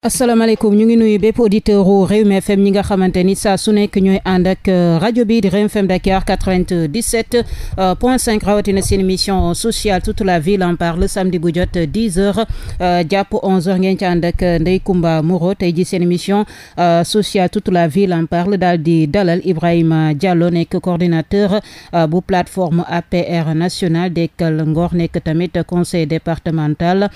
asalaamaaleykum ñu ngi nuyu bépp auditeur u Rewmi FM ñi nga xamante ni saa su nekk ñooy ànd ak euh, rajo bi di Rewmi FM Dakar 97 point 5 rawatina seen mission sociale toute la ville en parle samedi bu jot 10 heures euh, jàpp 11 heures ngeen ci ànd ak euh, Ndeye Comba ji seen émission sociale toute la ville en parle daal di dalal Ibrahima Diallo nekk coordinateur bu plateforme APR nationale Dekkal Ngor nekk tamit conseil départemental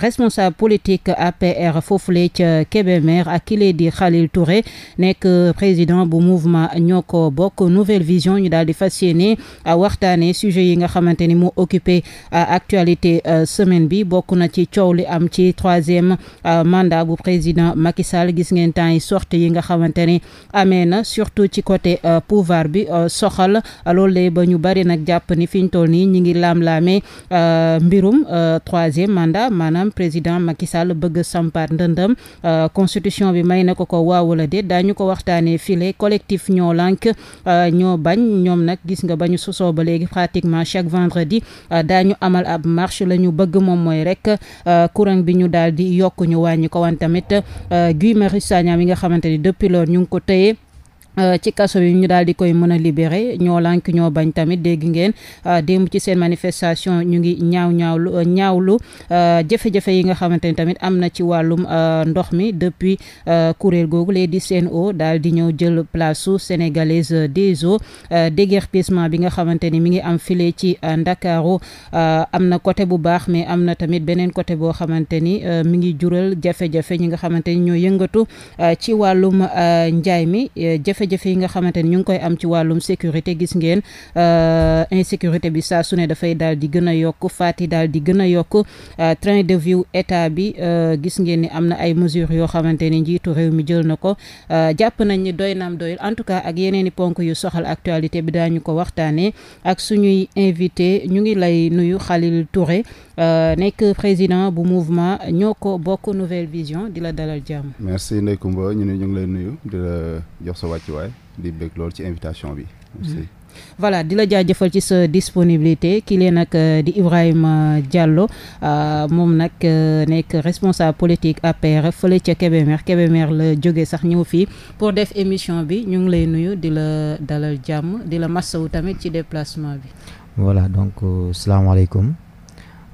responsable politique APR foofule ca Kébémer ak kile di Khalil Touré nekk président bu mouvement ñoo ko bokk nouvelle vision ñu daal di fas yéene euh, waxtaanee sujet yi nga xamante ni moo occupé euh, actualité euh, semaine bi bokk na ci coow li am ci troisième mandat bu président Macky Sall gis ngeen temps yi sorte yi nga xamante ni amee na surtout ci côté pouvoir bi soxal loolu lay ba ñu bari nag jàpp ni fi ñu toll nii ñi ngi lam laamee mbirum troisième mandat maanaam président Macky bëgg sampaat ndëndëm euh, constitution bi may na ko ko waaw wala déet daañu ko waxtaanee file collectif ñoo lànk euh, ñoo bañ ñoom nag gis nga ba ñu sosoo ba léegi pratiquement chaque vendredi euh, daañu amal ab marche la ñu bëgg moom mooy rek courant bi ñu daal di yokk ñu wàññi ko wan tamit Guy Marius Sagna mi nga xamante ni ñu ngi ko tëye Euh, ci kaso bi ñu daal di koy mën a libéré ñoo lànk ñoo bañ tamit dégg ngeen euh, démb ci seen manifestation ñu ngi ñaaw ñaawlu euh, ñaawlu jafe-jafe yi nga xamante ni tamit am na ci wàllum ndox mi depuis kuréel googu les di seen daal di ñëw jël place su sénégalaise des eaux déguerpissement bi nga xamante ni mi ngi am file ci Ndakaaru am na côté bu baax mais am na tamit beneen côté boo xamante ni mi ngi jural jafe-jafe ñi nga xamante ni ñoo yëngatu ci wàllum njaay mi jafe-jafe yi nga xamante ni ñu ngi koy am ci wàllum sécurité gis ngeen euh, insécurité bi saa su ne dafay daal di gën a yokk faat yi daal di gën a yokk euh, train de vie état bi euh, gis ngeen ni am na ay mesures yoo xamante ni njiitu réew mi jël na ko jàpp nañ ni doy naam doyul en tout cas ak yeneen i ponk yu soxal actualité bi daañu ko waxtaanee ak suñuy invité ñu ngi lay nuyu Khalil Touré. Euh, nekk président bu mouvement ñoo ko bokk nouvelle vision di la dalal jàmm. merci Ndeye Comba ñu ne ñu ngi lay nuyu di la jox sa wàccuwaay di ci invitation bi. Mm-hmm. voilà di la jaajëfal ci sa disponibilité kii lee nag euh, di Ibrahima Diallo euh, moom nag nekk responsable politique APR fële ca Kébémer Kébémer la jóge sax ñëw fii pour def émission bi ñu ngi lay nuyu di la dalal jàmm di la massawu tamit ci déplacement bi. voilà donc salaamaaleykum.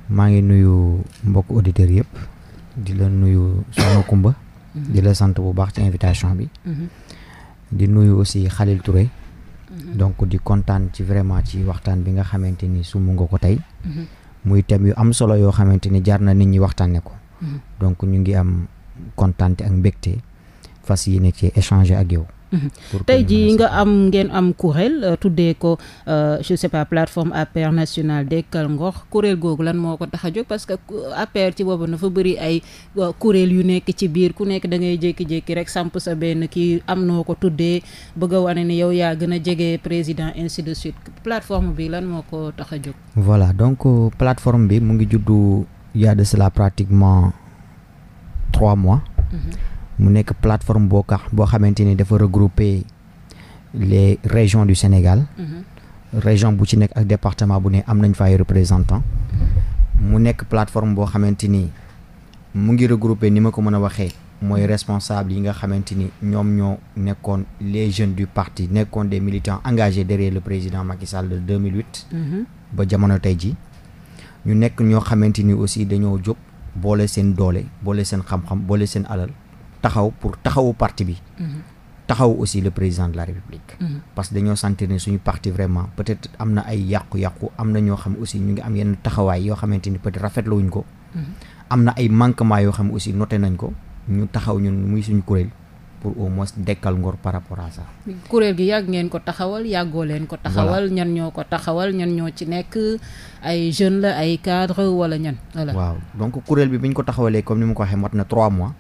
maa ngi nuyu mbokk auditeurs yëpp di la nuyu soxna Kumba mhm. di la sant bu baax ci invitation bi mhm. di nuyu aussi Khalil Touré mhm. donc di kontaan ci vraiment ci waxtaan bi nga xamante ni sumu nga ko tey muy thème yu am solo yoo xamante ni jaar na nit ñi waxtaanee ko donc ñu ngi am kontaan ak mbégte fas yéene ci échanger ak yow tey jii nga am ngeen am kuréel euh, tuddee ko euh, je sais pas plateforme APR nationale Dekkal Ngor kuréel googu lan moo ko tax a jóg parce que euh, APR ci boobu dafa bëri ay kuréel yu nekk ci biir ku nekk da ngay jékki-jékki rek samp sa benn kii am noo ko tuddee bëgg a wane ni yow yaa gën a jege président ainsi de suite plateforme bi lan moo ko tax a jóg. voilà donc plateforme bi mu ngi juddu y a pratiquement trois mois. Mm-hmm. mu nekk plateforme boo kax boo xamante ni dafa regrouper les région du Sénégal. Mhm. région bu ci nekk ak département bu ne am nañ fa représentant mu nekk plateforme boo xamante ni mu ngi regrouper ni ma ko mën a waxee. mooy responsable yi nga xamante ni ñoom ñoo nekkoon les jeunes du parti nekkoon des militants engagés derrière le président Macky Sall de 2008. Mhm. ba jamono tey ji ñu nekk ñoo xamante ni aussi dañoo jóg boole seen doole boole seen xam-xam boole seen alal. taxaw pour taxawu parti bi. Mhm. taxaw aussi le président de la république. Mhm. parce que dañoo sentir ne suñu parti vraiment peut-être am na ay yàqu-yàqu am na ñoo xam aussi ñu ngi am yenn taxawaay yoo xamante ni peut-être rafetluwuñ ko. Mhm. am na ay yoo xam aussi noté nañ ko ñu taxaw ñun muy suñu kuréel. pour moins dekkal ngor par rapport à ça. kuréel gi yàgg ngeen ko taxawal yàggoo leen ko taxawal. ñan ñoo ko taxawal ñan ñoo ci nekk ay jeunes la ay cadres wala ñan. voilà waaw donc kuréel bi bi ñu ko taxawalee comme ni ma ko waxee mat na trois mois.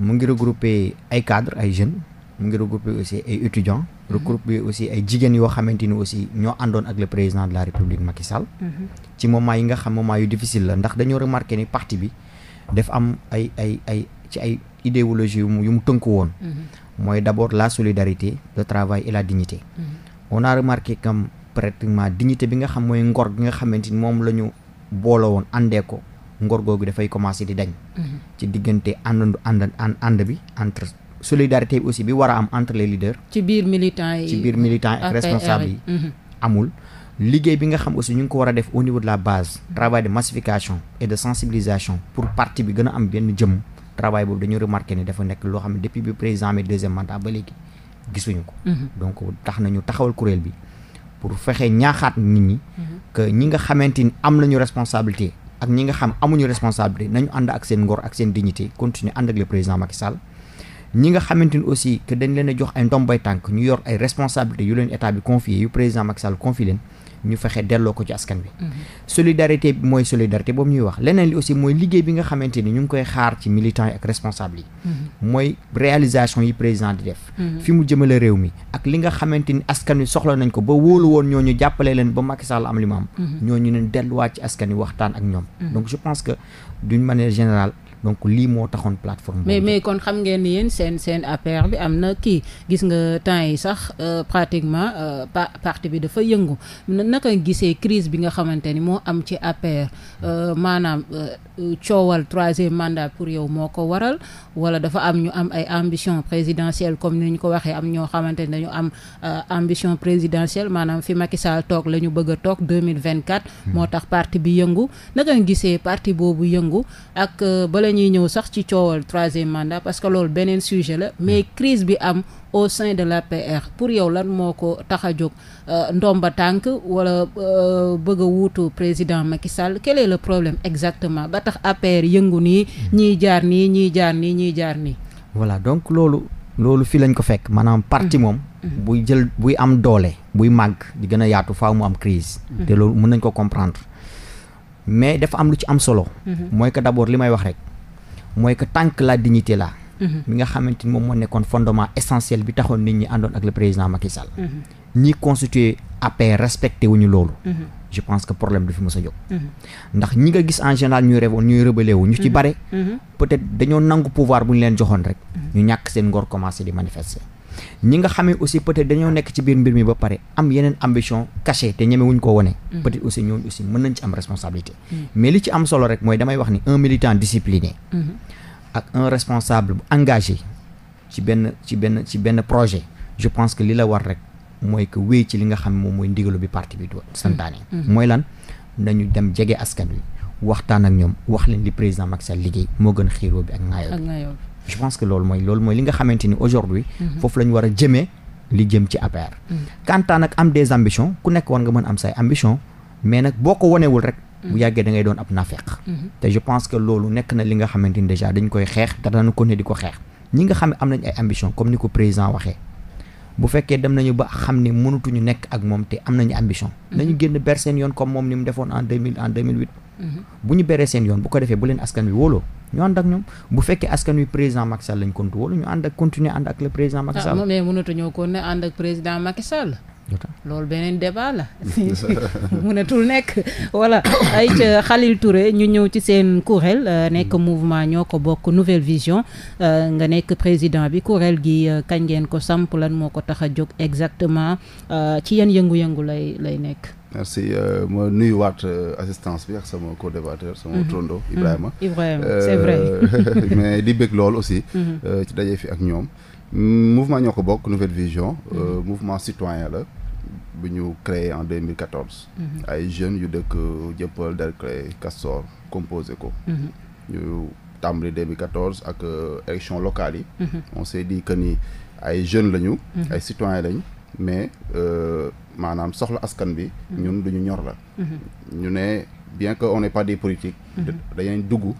mu ngi regroupé ay cadres ay jeunes mu ngi regroupé aussi ay étudiants. Mhm. regroupé aussi ay jigéen yoo xamante ni aussi ñoo àndoon ak le président de la république Macky ci mhm. ci moment yi nga xam moment yu difficile la ndax dañoo remarqué ni parti bi def am ay ay ay ci ay idéologie yu mu tënk woon. Mhm. mooy d'abord la solidarité le travail et la dignité. on a remarqué comme pratiquement dignité bi nga xam mooy ngor bi nga xamante ni moom la ñu boole woon àndee ko. ngor googu dafay commencé di dañ. Mhm. ci diggante ànd ànd ànd bi entre solidarité bi aussi bi war a am entre les ci biir militants yi ci biir militants mhm. amul liggéey bi nga xam aussi ñu ngi ko war a def au niveau de la base. Mhm. travail de massification et de sensibilisation pour parti bi gën a am benn jëm. travail boobu dañu remarqué ni dafa nekk loo xam ne depuis bi président amee deuxième mandat ba léegi gisuñu ko. donc tax nañu taxawal kuréel bi pour fexe ñaaxaat nit ñi. que ñi nga ni am nañu responsabilité. ak ñi nga xam amuñu responsabilité nañu ànd ak seen ngor ak seen dignité continuer ànd ak le président Macky Sall ñi nga xamante ni aussi que dañ leen a jox ay ndombay tànk ñu yor ay responsabilités yu leen état bi confié yu président Macky Sall confié leen ñu fexe delloo ko ci askan bi mhm. solidarité bi mooy solidarité boobu ñuy wax leneen li aussi mooy liggéey bi nga xamante ni ñu ngi koy xaar ci militants yi ak responsable yi mhm. mooy réalisation yi président di mhm. réew mi ak li nga xamante askan wi soxla nañ ko ba wóolu woon ñooñu jàppale leen ba Macky Sall am li mu am ñooñu leen delluwaat ci askan wi waxtaan ak ñoom donc je pense que d'une manière générale donc lii moo taxoon plateforme. mais mais kon xam ngeen ni yéen seen seen APR bi am na kii gis nga temps yi sax euh, pratiquement euh, pa parti bi dafa yëngu naka gisee crise bi nga xamante ni moo am ci APR euh, maanaam coowal troisième mandat pour yow moo ko waral wala dafa am ñu am ay ambition présidentielle comme ni ñu ko waxee am ñoo xamante ni dañu am ambition présidentielle maanaam fi Macky Sall toog la ñu bëgg a toog 2024. Hmm. moo tax parti bi yëngu boobu yëngu ak bala la ñuy ñëw sax ci coowal troisième mandat parce que loolu beneen sujet la mais hmm. crise bi am au sein de l'APR pour yow lan moo ko tax a jóg euh, ndomba tànk wala euh, bëgg wutu président Macky Sall quel le problème exactement ba tax APR yëngu nii hmm. ñiy jaar nii ñiy jaar nii ñiy jaar nii. voilà donc loolu. loolu fii lañ ko fekk maanaam parti hmm. moom. buy jël buy am doole. buy màgg di gën a yaatu faaw mu am crise te loolu mën nañ ko comprendre mais dafa am lu ci am solo. mooy que tant la dignité là mhm. mi nga xamante ni moom moo nekkoon fondement essentiel bi taxoon nit ñi àndoon ak le président Macky Sall mhm. ñi constitué APR respecté wuñu loolu mhm. je pense que problème du fi mës a jóg ndax ñi nga gis en général ñuy rewoon ñuy rebelle wu ñu ci bare peut-être dañoo nangu pouvoir bu ñu leen joxoon rek ñu ñàkk seen ngor commencé di manifester ñi nga xamee aussi peut-être dañoo nekk ci biir mbir mi ba pare am yeneen ambition cachée te ñeme wuñ ko wone mm. peut-être aussi ñooñu aussi mën nañ ci am responsabilité mm. mais li ci am solo rek mooy damay wax ni un militant discipliné mm-hmm. ak un responsable bu engagé ci benn ci benn ci benn projet je pense que li la war rek mooy que wéy ci li nga xam moom mooy ndigalu bi parti bi doon santaane mm-hmm. Mm-hmm. mooy lan nañu dem jege askan wi waxtaan ak ñoom wax leen li président Macky Sall liggéey moo gën xiiroo bi ak ngaayoo bi je pense que loolu mooy loolu mooy li nga xamante ni aujourd'hui mhm. foofu la war a jëmee li jëm ci APR mhm. quant nag am des ambitions ku nekk war nga mën am say ambition mais nag boo ko wanewul rek bu mhm. yàggee da ngay doon ab nafeq te je pense que loolu nekk na li nga xamante ni déjà dañ koy xeex te dana ko ne di ko xeex ñi nga xam ne am nañ ay ambition comme ni ko président waxee bu fekkee dem nañu ba xam ne mënatuñu nekk ak moom te am nañu ambition. Mhm. nañu génn ber seen yoon comme moom ni mu defoon en deux mille en deux mille huit. Mhm. bu ñu beree seen yoon bu ko defee bu leen askan wi wóoloo ñu ànd ak ñoom bu fekkee askan wi président Macky Sall lañ kontu ñu ànd ak continuer ànd ak le président Macky ah, Sall. ah mais mënatuñoo ko loolu beneen débat la mënatul nekk voilà ay ca Khalil Touré ñu ñëw ci seen kuréel euh, nekk mouvement ñoo ko bokk nouvelle vision euh, nga nekk président bi kuréel gi euh, kañ ngeen ko samp lan moo ko tax a jóg exactement ci yan yëngu-yëngu lay lay nekk merci ma nuyuwaat assistance bi ak sama co-débatteur sama mhm. tondo mhm. Ibrahima Ibrahima c'est vrai mais di bëgg lool aussi mhm. ci fi ak ñoom mouvement ñoo ko bokk Nouvelle Vision. Mm-hmm. Euh, mouvement citoyen la. bu ñu créé en 2014. Mm-hmm. ay jeunes yu dëkk Dieuppeul Derklé Castor composé ko. Mm-hmm. ñu tàmbali 2014 ak euh, élection locale yi. on s'est dit que ni ay jeune lañu. ay citoyens lañ mais euh, maanaam soxla askan bi. ñun du ñu ñor la. ñu ne bien que on n'est pas des politiques. dañuy dugg.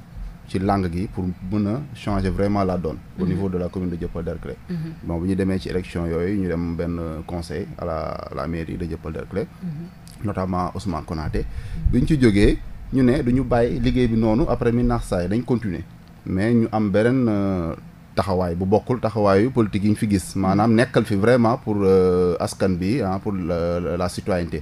ci langue gi pour mën a changer vraiment la donne au mhm. niveau de la commune de Dieuppeul Derklé mhm. bon bu ñu demee ci élection yooyu ñu dem benn conseil à la à la mairie de Dieuppeul Derklé mhm. notamment Ousmane Konaté bi ñu ci jógee ñu ne duñu bàyyi liggéey bi noonu après mi naax saay dañ continuer mais ñu am beneen euh, taxawaay bu bokkul taxawaayu politique yi ñu fi gis maanaam nekkal fi vraiment pour euh, askan bi ah pour la citoyenneté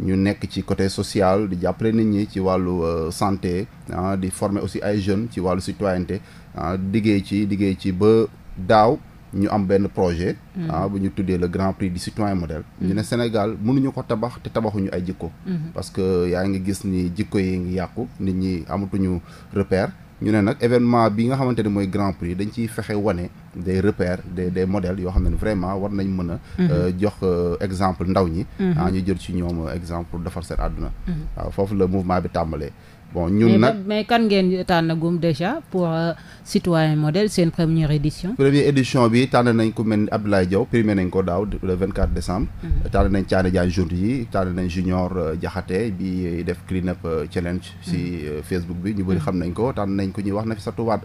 ñu nekk ci côté social di jàppale nit ñi ci wàllu euh, santé ah di former aussi ay jeunes ci wàllu citoyenneté ah liggéey ci liggéey ci ba daaw ñu am benn projet. Mm. Ah, bu ñu tuddee le grand prix du citoyen modèle. Mm. ñu ne Sénégal mënuñu ko tabax te tabaxuñu ay jikko. Mm-hmm. parce que yaa ngi gis ni jikko yi ngi yàqu nit ñi amatuñu repère. ñu ne nag événement bi nga xamante ne mooy grand prix dañ ciy fexe wane des repères des des modèles yoo xam ne vraiment war nañ mën a mhm. euh, jox euh, exemple ndaw ñi mhm. ah ñu jël ci ñoom euh, exemple defar seen àdduna mhm. waaw foofu la mouvement bi tàmbalee bon ñun nag mais kan ngeen tànnagum déjà pour euh, citoyen modèle seen première édition première édition bi tànn nañ ku mel ni Abdoulaye Diaw primé nañ ko daaw le 24 décembre mm-hmm. tànn nañ Thiané Diagne jour yi tànn nañ Junior euh, Diakhaté bi def clean up euh, challenge si mm-hmm. Facebook bi ñu bëri mm-hmm. xam nañ ko tànn nañ ku ñuy wax Nafissatou Wade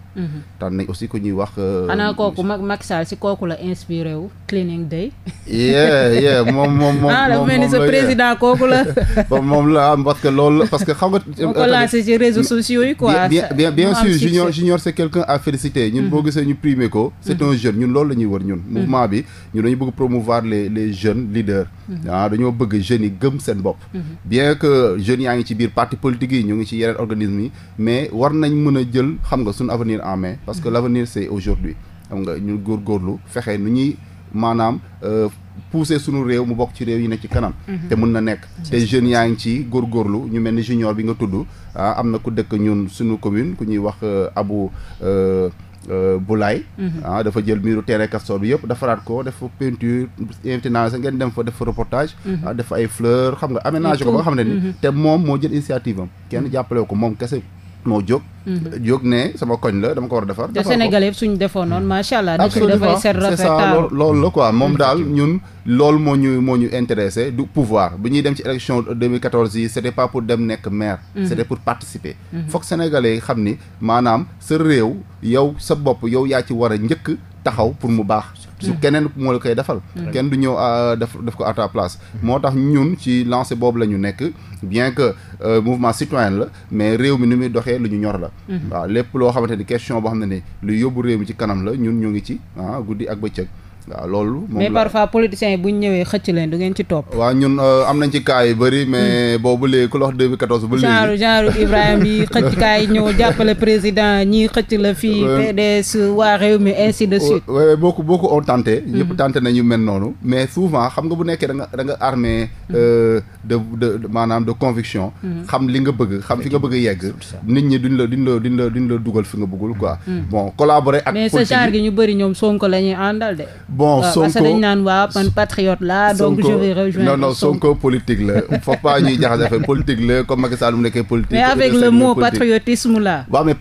tànn nañ aussi ku ñuy wax xanaa kooku mag Macky Sall si kooku la inspiré cleaning day yee yee moom moom moom ah, la moom la parce que xam ci réseaux sociaux yi quoi. bien bien bien sûr junior junior c' quelqu'un à féliciter. ñun boo mm-hmm. gisee ñu primé ko. c' un mm-hmm. jeune ñun loolu la ñuy ñun. Mm-hmm. mouvement bi ñun dañu bëgg promouvoir les les jeunes leaders. ah dañoo bëgg jeunes yi gëm seen bopp. bien que jeunes yaa ngi ci biir parti politique yi ñu ngi ci yeneen organisme yi mais war nañ mën a jël xam nga suñu avenir en mais parce que l' avenir c' est aujourd'hui xam nga ñu góorgóorlu fexe nu ñuy. maanaam euh, pousser sunu réew mu bokk ci réew yi ne ci kanam mhm. te mën na nekk mhm. te jeunes yaa ngi ci góor góorlu ñu mel ni junior bi nga tudd ah am na ku dëkk ñun sunu commune ku ñuy wax euh, abu euh, Boulaye mhm. ah dafa jël miiru terrain Castor bi yëpp defaraat ko def peinture invité naa ngeen dem fa def fa reportage ah, def ay fleurs xam nga aménagé ko ba nga xam ne ni te moom moo jël initiative am kenn jàppale ko moom kese moo jóg. Mhm. jóg ne sama koñ la dama ko war a defar. defar ko te Sénégal yëpp suñu defoon noonu mhm. macha allah. dafay seet rafetal c'est ça loolu la quoi moom mhm. daal ñun. loolu moo ñu moo ñu intéressé du pouvoir bi ñuy dem ci élection 2014 yi c'était pas pour dem nekk maire. c'était pour participer. foog sénégalais xam ni maanaam sa réew yow sa bopp yow yaa ci war a njëkk. taxaw pour mu baax su mm. keneen moo la koy defal mm. kenn du ñëw ah, def def ko à ta place moo tax ñun ci lancé boobu lañu nekk bien que euh, mouvement citoyen la mais réew mi nu muy doxee lu ñu ñor la mm-hmm. waaw lépp loo xamante ni question boo xam ne ne lu yóbbu réew mi ci kanam la ñun ñu ngi ci ah guddi ak bëccëg waaw loolu. moom mais parfois politiciens yi bu ñu ñëwee xëcc leen du ngeen ci topp. waaw ñun euh, am nañ ci cas yu mais hmm. boobu léegi ku la wax 2014. ba léegi genre genre euh, de suite. boo ko boo ko on tenté. ñëpp hmm. tenté nañu mel noonu. mais souvent xam nga bu nekkee da nga da nga armé. Hmm. Euh, de de maanaam de conviction. xam li nga bëgg xam fi nga bëgg yegg. nit ñi duñ la duñ la duñ la dugal fi nga bëggul quoi. collaborer ak. mais sa genre gi ñu bëri ñoom Sonko la ñuy àndal de bon ah, Sonko parce que dañu la donc je vais rejoindre non non Sonko politique la faut pas ñuy jaxase affaire politique la comme Macky Sall mu nekkee politique mais avec le mot patriotisme là waaw mais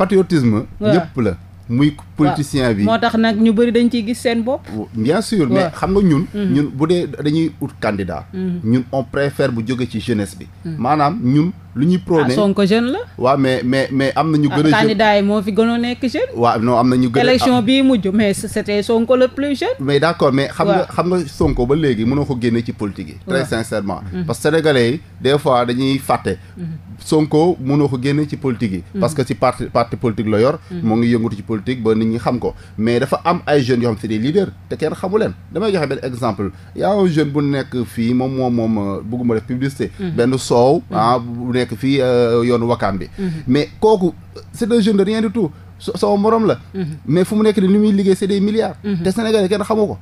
ñëpp la muy politicien bi moo tax nag ñu bëri dañ ciy gis seen bopp. bien sûr mais xam nga ñun. Mhm. ñun bu dee dañuy ut candidat. Mhm. ñun on préfère bu jóge ci jeunesse bi. Mhm. maanaam ñun lu ñuy ah, prôné. Sonko jeune la. waaw mais mais mais am na ñu gën a. Ah, jeune candidat yi moo fi gën a nekk jeune. waaw non am na ñu gën a élection bii mujj mais c'était Sonko le plus jeune. mais d'accord mais xam nga xam nga Sonko ba léegi mënoo ko génne ci politique yi. très sincèrement. parce que sénégalais yi des dañuy fàtte. Sonko mënoo ko génne ci politique yi. Mm-hmm. parce que ci parti parti politique la yor. Mm-hmm. moo ngi yëngatu ci politique ba nit ñi xam ko mais dafa am ay jeune yoo xam c'est te kenn xamu leen damay joxe benn exemple y a jeune bu nekk fii moom moom moom euh, bëgguma def publicité. Mm-hmm. benn soow ah bu nekk fii euh, yoonu wakkaan bi. mais kooku c'est un jeune de rien du tout. sama morom la mais fu mu nekk ni li muy liggéey c'est des milliards te Sénégal yi kenn xamu ko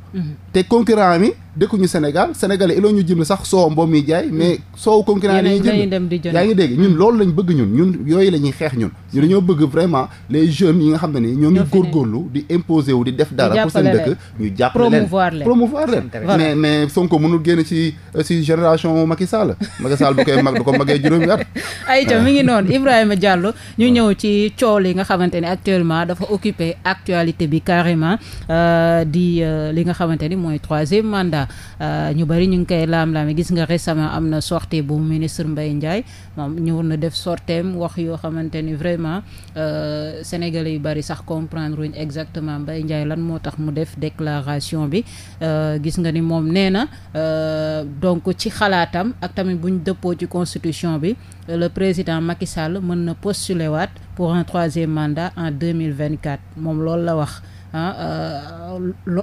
te concurrent mi dëkkuñu Sénégal sénégalais iloo ñu jënd sax soow mboom yi jaay mais mm. soow concurrent yi ñuy jënd yaa ngi dégg ñun mm. loolu lañ bëgg ñun ñun yooyu la ñuy xeex ñun ñu dañoo bëgg vraiment les jeunes yi nga xam ne ni ñoo ngi góorgóorlu di imposer wu di def dara pour seen dëkk ñu jàppale leen promouvoir leen mais mais Sonko mënul génn ci ci génération Macky Sall Macky Sall bu koy mag du ko magee juróomi at ay ca mi ngi noonu Ibrahima Diallo ñu ñëw ci coow li nga xamante ne actuellement dafa occuper actualité bi carrément euh, di euh, li nga xamante ni mooy troisième mandat voilà ñu bari ñu ngi koy laam-laame gis nga récemment am na sortie bu ministre mbay Ndiaye moom ñëw na def sorteem wax yoo xamante ni vraiment euh, sénégalais yu bari sax comprendre wuñ exactement mbay Ndiaye lan moo tax mu def déclaration bi euh, gis nga ni moom nee na euh, donc ci xalaatam ak tamit buñ dëppoo ci constitution bi le président Macky Sall mën na postuler waat pour un troisième mandat en deux mille vingt quatre moom loolu la wax. ah euh,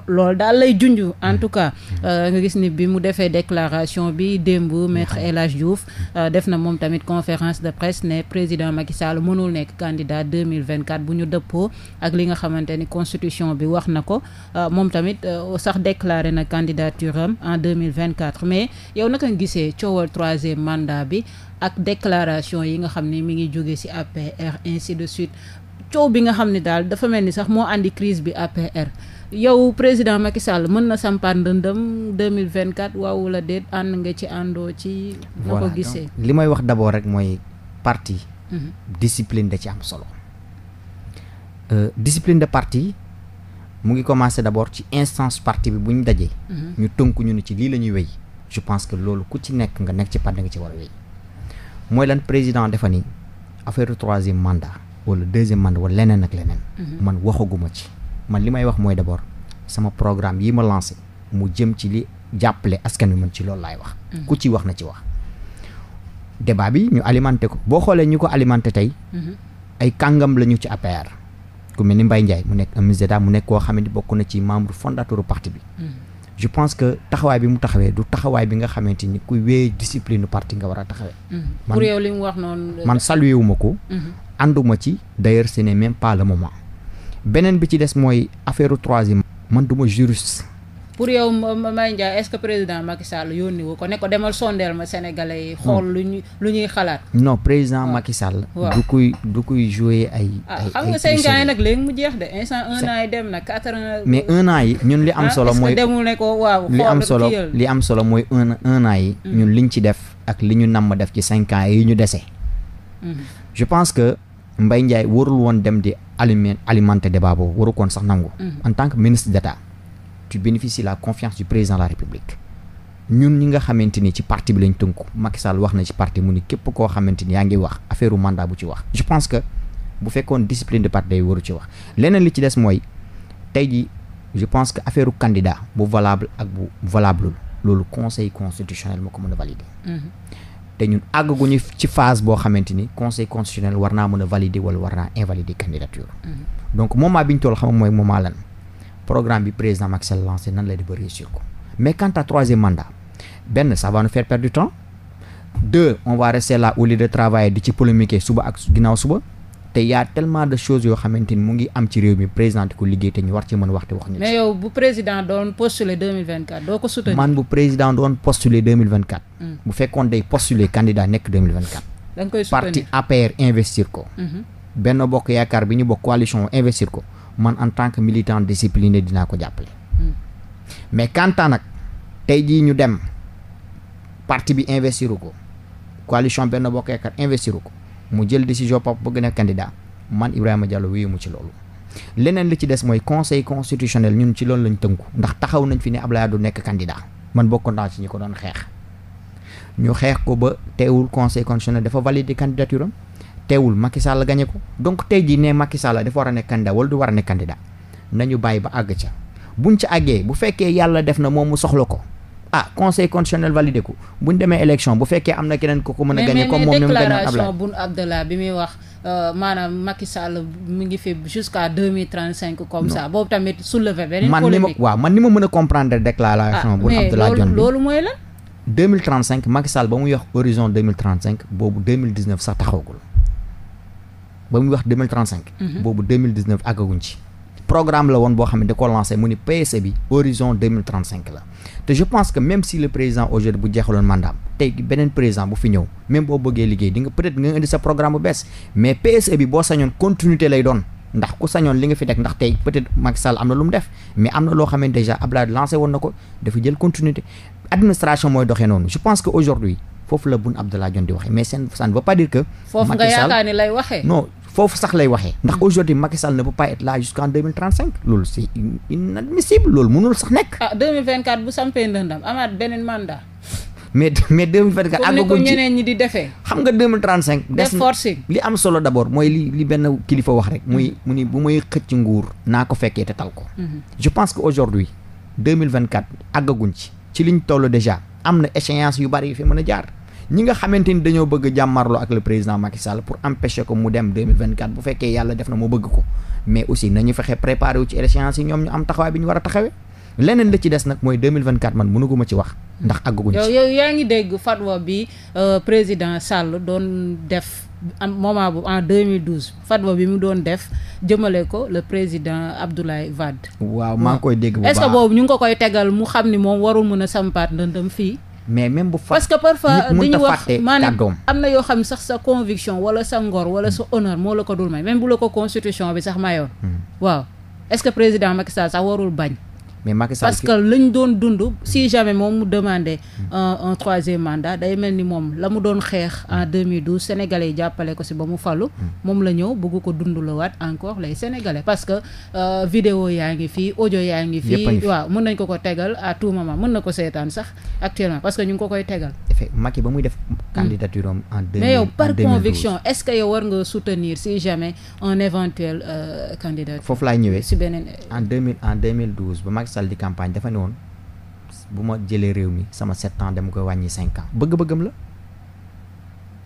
loolu daal lay junj en tout cas mm. euh, nga gis ni bi mu defee déclaration bi démb mm. maître El Hadj Diouf mm. euh, def na moom tamit conférence de presse ne président Macky Sall mënul nekk candidat 2024 bu ñu dëppoo ak li nga xamante ni constitution bi wax na ko moom tamit sax déclarer na candidature am en 2024 mais yow naka nga gisee coowal troisième mandat bi ak déclaration yi nga xam ni mi ngi jóge ci APR ainsi de suite coow bi nga xam ne daal dafa mel ni sax moo andi crise bi APR yow président Macky Sall mën na sampar ndëndëm 2024 waaw la déet ànd nga ci àndoo ci. na ko gisee li may wax d'abord rek mooy parti. Mhm. discipline da ci am solo. Euh, discipline de parti mu ngi commencé d'abord ci instance parti bi bu ñu dajee. Mhm. ñu tënku ñu ne ci lii la ñuy wéy. je pense que loolu ku ci nekk nga nekk ci parti nga ci war a wéy mooy lan président defa ni affaire troisième mandat. wala deuxième mandat wala leneen ak leneen. Mhm. man waxaguma ci. man li may wax mooy d'abord sama programme yi ma lancé mu jëm ci li jàppale askan wi man ci loolu laay wax. Mhm. ku ci wax na ci wax. débat bi ñu alimente ko boo xoolee ñu ko alimenté tey. Mhm. ay kàngam lañu ci APR. ku mel ni Mbaye Ndiaye mu nekk un ministre mu nekk koo xam ne bokk na ci membre fondateur parti bi. je pense que taxawaay bi mu taxawee du taxawaay bi nga xamante ni kuy wéyee discipline parti nga war a taxawee. man pour yow man salué wu ma ko. ànduma ci d'ailleurs ce n'est même pas le moment beneen bi ci des mooy affaire troisième man du ma pour yow Mbaye Ndiaye est-ce que président Macky Sall yónni wu ko ne ko demal sondeel ma sénégalais xool lu ñuy lu ñuy xalaat. no président ah. Macky Sall. du kuy du kuy jouer ay. Ah, ay xam nga cinq ans yi nag léegi mu jeex de instant un an yi dem nag quatre euh, mais un an yi ñun li am ah, solo. mooy demul ne waaw li am solo li am solo mooy un un yi. Mm. ñun liñ ci def ak li ñu namm def ci cinq ans yi ñu dese. Mm. Mbaye Ndiaye warul woon dem di aliment alimenter débat boobu waru koon sax nangu. Mhm. en tant que ministre d'État tu bénéficies la confiance du président de la République. ñun ñi nga xamante ni ci parti bi lañ tënku Macky Sall wax na ci parti mu ni képp koo xamante ni yaa ngi wax affaire mandat bu ci wax. je pense que bu fekkoon discipline de parti day waru ci wax leneen li ci des mooy tey ji je pense que affaire candidat bu valable ak bu valable loolu conseil constitutionnel moo ko mën a valider. Mhm. te ñun àgguñu ci phase boo xamante ni conseil constitutionnel war naa mën a valider wala war naa invalider candidature. Mm-hmm. donc moment bi ñu toll xam mooy moment lan programme bi président mac Sall nan la di ba réussir ko mais quant à troisième mandat benn ça va nous faire perdre du temps deux on va rester là de travailler di ci polémiquer suba ak ginnaaw suba. te y'a tellement de yoo xamante ni mu ngi am ci réew mi président ko liggéey te ñu war ci mën waxte wax ñu mais yow bu président doon postuler 2024 doo ko soutenir man bu président doon postuler mm. bu fekkoon day postuler candidat nekk parti APR investir ko mm-hmm. benn bokk yaakaar bi ñu bokk coalition investir ko man en tant que militant discipliné dinaa ko jàppale mm. mais quant à nag tey jii ñu dem parti bi investir ko coalition benn bokk yaakaar investiru ko mu jël décision pap bëgg nekk candidat man Ibrahima Diallo wéyu mu ci loolu leneen li ci des mooy conseil constitutionnel ñun ci loolu lañu tënku ndax taxaw nañ fi ne Abdoulaye du nekk candidat man bokkoon naa ci ñi ko doon xeex ñu xeex ko ba teewul conseil constitutionnel dafa valider candidature am teewul Macky Sall gañe ko donc tey jii ne Macky Sall dafa war a nekk candidat wala du war a nekk candidat nañu bàyyi ba àgg ca buñ ca àggee bu fekkee yàlla def na moom mu soxla ko ah conseil constitutionnel validé ko bu ñu demee élection bu fekkee am na keneen ko ko mën a gagné comme moom bi muy wax euh, maanaam Macky Sall mi ngi fi jusqu'à deux mille trente cinq comme ça boobu tamit soulever beneen polémique waaw man ni ma mën a comprendre déclaration ah, Boun Abdallah Dionne loolu mooy lan 2035 Macky Sall ba muy wax horizon 2035 boobu 2019 sax taxawagul ba muy wax 2035 mhm. boobu 2019 àggaguñ ci programme la woon boo xam ne da ko lancé mu ni PSE bi horizon la te je pense que même si le président aujourd'hui bu jeexaloon mandaam tey beneen président bu fi ñëw même boo bëggee liggéey di nga nga indi sa programme bu bees mais PSE bi boo sañoon continuité lay doon ndax ku sañoon li nga fi teg ndax tey peut-être Macky Sall am na lu mu def mais am na loo xamante déjà Abdoulaye lancé woon ko dafa jël continuité administration mooy doxee noonu je pense que aujourd'hui foofu la Boun Abdallah Dionne di mais seen ça foofu sax lay waxee ndax hmm. aujourd'hui Macky Sall ne peut pas être là jusqu'en deux mille trente cinq loolu c'est inadmissible loolu mënul sax nekk. ah deux mille vingt quatre bu sampee ndëndam amaat beneen mandat. mais mais deux ko ñeneen ñi di defee. xam nga deux mille trente cinq. des li am solo d' mooy li li benn kilifa wax rek. muy hmm. mu ni bu muy xëcc nguur. naa ko fekkee te tal ko. Hmm. je pense que aujourd'hui deux mille vingt quatre àggaguñ ci. ci liñ toll déjà am na échéance yu bari yu fi mën a jaar. ñi nga xamante ni dañoo bëgg jàmmarloo ak le président Macky Sall pour empêcher ko mu dem 2024 bu fekkee yàlla def na mu bëgg ko mais aussi nañu fexe préparé wu ci échéance yi ñoom ñu am taxawaay bi ñu war a taxawee leneen la ci des nag mooy 2024 man mënuguma ci wax ndax àgguguñ ci yow yaa ngi dégg fatwa bi euh, président Sall doon def am moment bu en 2012 fatwa bi mu doon def jëmale ko le président Abdoulaye Wade waaw maa ngi koy dégg bu baax mu xam ni moom warul mën a sampaat ndëndëm fii mais même bu parce que parfois dañuy wax maanaam am na yoo xam sax sa conviction wala sa ngor wala sa honneur moo la ko dul may même bu ko constitution bi sax mayoon hmm. waaw est-ce que président Macky Sall sax warul bañ mais Macky Sall parce que lañ doon dund si jamais moom mu demandé un euh, un troisième mandat day mel ni moom la mu doon xeex en 2012 sénégalais yi jàppale ko si ba mu falu moom la ñëw bëgg ko dund la waat encore les sénégalais parce que euh, vidéo yaa ngi fii audio yaa ngi fi waaw mën nañ ko ko tegal à tout moment mën na ko seetaan sax actuellement parce que ñu ngi ko koy tegal effet Macky ba muy def candidature am en 2012 mais yow par conviction est-ce que yow war nga soutenir si jamais un éventuel euh, candidat foofu laay ñëwee si beneen en 2000 en 2012 ba Macky Sall di campagne dafa ne woon bu ma jëlee réew mi sama sept ans dama koy wàññi cinq ans bëgg-bëggam la.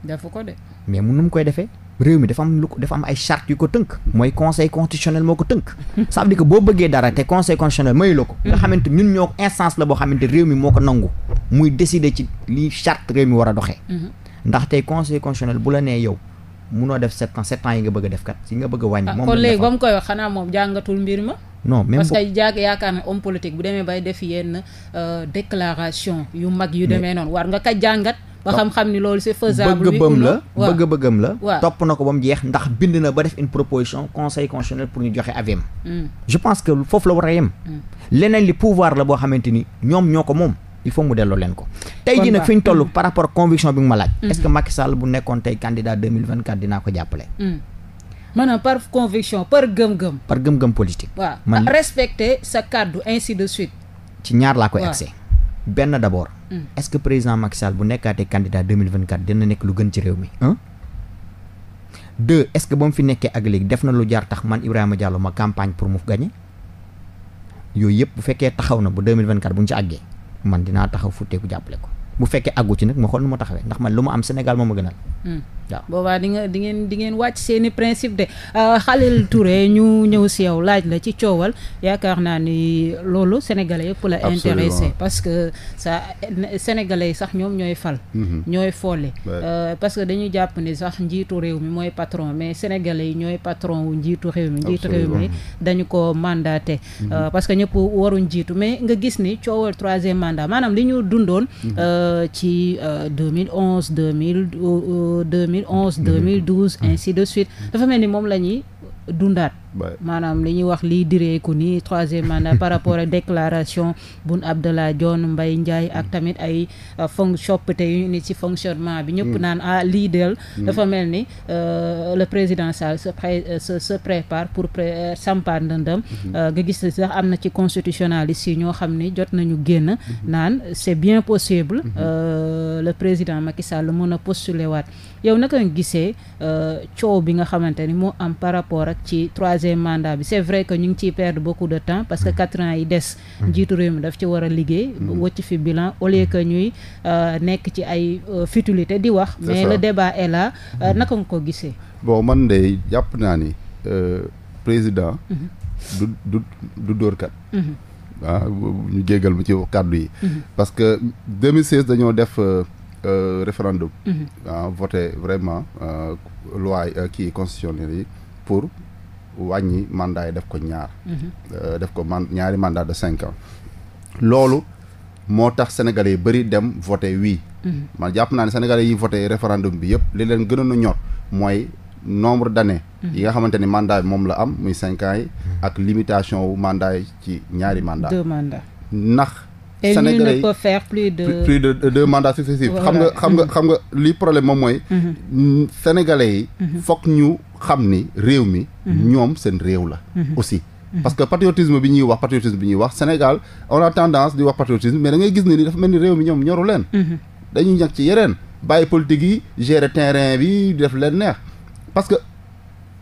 dafa ko de. mais mu nu mu koy defee réew mi dafa am lu ko dafa am ay charte yu ko tënk. mooy conseil constitutionnel moo ko tënk. ça di dire boo bëggee dara te conseil constitutionnel mayu la ko. nga xamante ñun ñoo instance la boo xamante réew mi moo ko nangu. muy décider ci li charte réew mi war a doxee. Mhm. ndax tey conseil constitutionnel bu la nee yow. munoo def sept ans sept yi nga bëgg a def kat si nga bëgg a wàññi. Ah, moom kon léegi ba mu koy wax xanaa moom jàngatul mbir ma. non même parce que jaag yaakaar ne homme politique bu demee bay def yenn euh, déclaration yu mag yu demee noonu war nga ka jàngat. ba xam-xam ni loolu c'est faisable. bëgg bëgg la bëgg bëggam la. waaw topp na ko ba mu jeex ndax bind na ba def une proposition conseil constitutionnel pour ñu joxe avis hmm. je pense que foofu la war a yem. Hmm. leneen li pouvoir la boo xamante ni ñoom ñoo ko moom. il faut mu delloo leen ko tey jii na fi ñu toll par rapport conviction bi nga ma laaj mm-hmm. est-ce que Macky Sall bu nekkoon tey candidat 2024 dinaa ko jàppale mm. par conviction par gëm-gëm par gëm-gëm politique waaw man ah, respecter sa kàddu ainsi de ci ñaar laa koy accès benn d'abord mm. est-ce que président Macky Sall bu nekkaatee candidat 2024 dina nekk lu gën ci réew mi deux est-ce que ba mu fi nekkee ak léegi def na lu jaar tax man Ibrahima Diallo ma campagne pour mu gagner yooyu yëpp bu fekkee taxaw na bu 2024 bu ñu ci àggee man dinaa taxaw futteeku jàppale ko bu fekkee àggu ci nag ma xool nu ma taxawee ndax man lu ma am Sénégal moo ma gënal hmm. waaw boobaa di nga di ngeen di ngeen wàcc seeni i principe de euh, Khalil Touré ñu ñëw si yow laaj la ci coowal yaakaar naa ni loolu sénégalais yëpp la intéressé parce que ça sénégalais yi sax ñoom ñooy fal mhm. ñooy foole euh, parce que dañuy jàpp ni sax njiitu réew mi mooy patron mais sénégalais yi ñooy patron wu njiitu réew mi njiitu réew mi dañu ko mandaté mhm. euh, parce que ñëpp waruñ jiitu mais nga gis ni coowal troisième mandat maanaam li ñu dundoon mhm. ci 2011 2000 2000 2011 2012 mm-hmm. ainsi de suite dafa mel ni moom la ñuy dundaat maanaam li ñuy wax lii direeku nii troisième mandat par rapport ak déclaration Boun Abdallah Dionne mbay Ndiaye ak tamit ay euh, fon coppite yu ni ci fonctionnement bi ñëpp mm. naan ah lii del mm. dafa mel ni euh, le président Sall se euh, se se prépare pour sampar ndëndëm mm-hmm. nga gis sax am na ci constitutionnaliste yi ñoo xam ni jot nañu génn mm-hmm. naan c'est bien possible mm-hmm. le président Macky Sall mën a postuler waat yow naka nga gisee coow bi nga xamante ni moo am par rapport ci troisième mandat bi c'est vrai que ñu ngi ciy perdre beaucoup de temps parce que mm. quatre ans yi des mm. njiitu réew mi daf ci war a liggéey mm. wëcc fi bilan au lieu que ñuy euh, nekk ci ay euh, futilité di wax mais le débat est euh, naka nga ko gisee bon man de jàpp naa ni président mm-hmm. du du du dóorkat mm-hmm. ah ñu jéggal ma ci kàddu yi mm-hmm. parce que 2016 dañoo def Euh, référendum. Mm vraiment loi kii euh, yi pour wàññi mandat def ko ñaar. Mhm. Euh, def ko man ñaari mandat de cinq loolu moo tax sénégalais yi bëri dem voté oui. Mhm. man jàpp naa ne sénégalais yi voté référendum bi yëpp li leen gënoon a ñor mooy nombre d'années. Mhm. yi nga xamante ni mandat bi moom la am muy cinq ans yi. ak limitation wu mandat ci ñaari mandat deux mandats ndax. sénégalais yi et nul ne peut mm-hmm. li problème moom mooy. Mm-hmm. sénégalais yi. Mm-hmm. ñu xam ni réew mi. ñoom seen réew la. aussi. parce que patriotisme bi ñuy wax patriotisme bi ñuy wax Sénégal on a tendance di wax patriotisme mais dangay ngay gis ne ni dafa mel ni réew mi ñoom ñoru leen. dañuy ñàkk ci yeneen bàyyi politique yi gérer terrain bi def leen neex parce que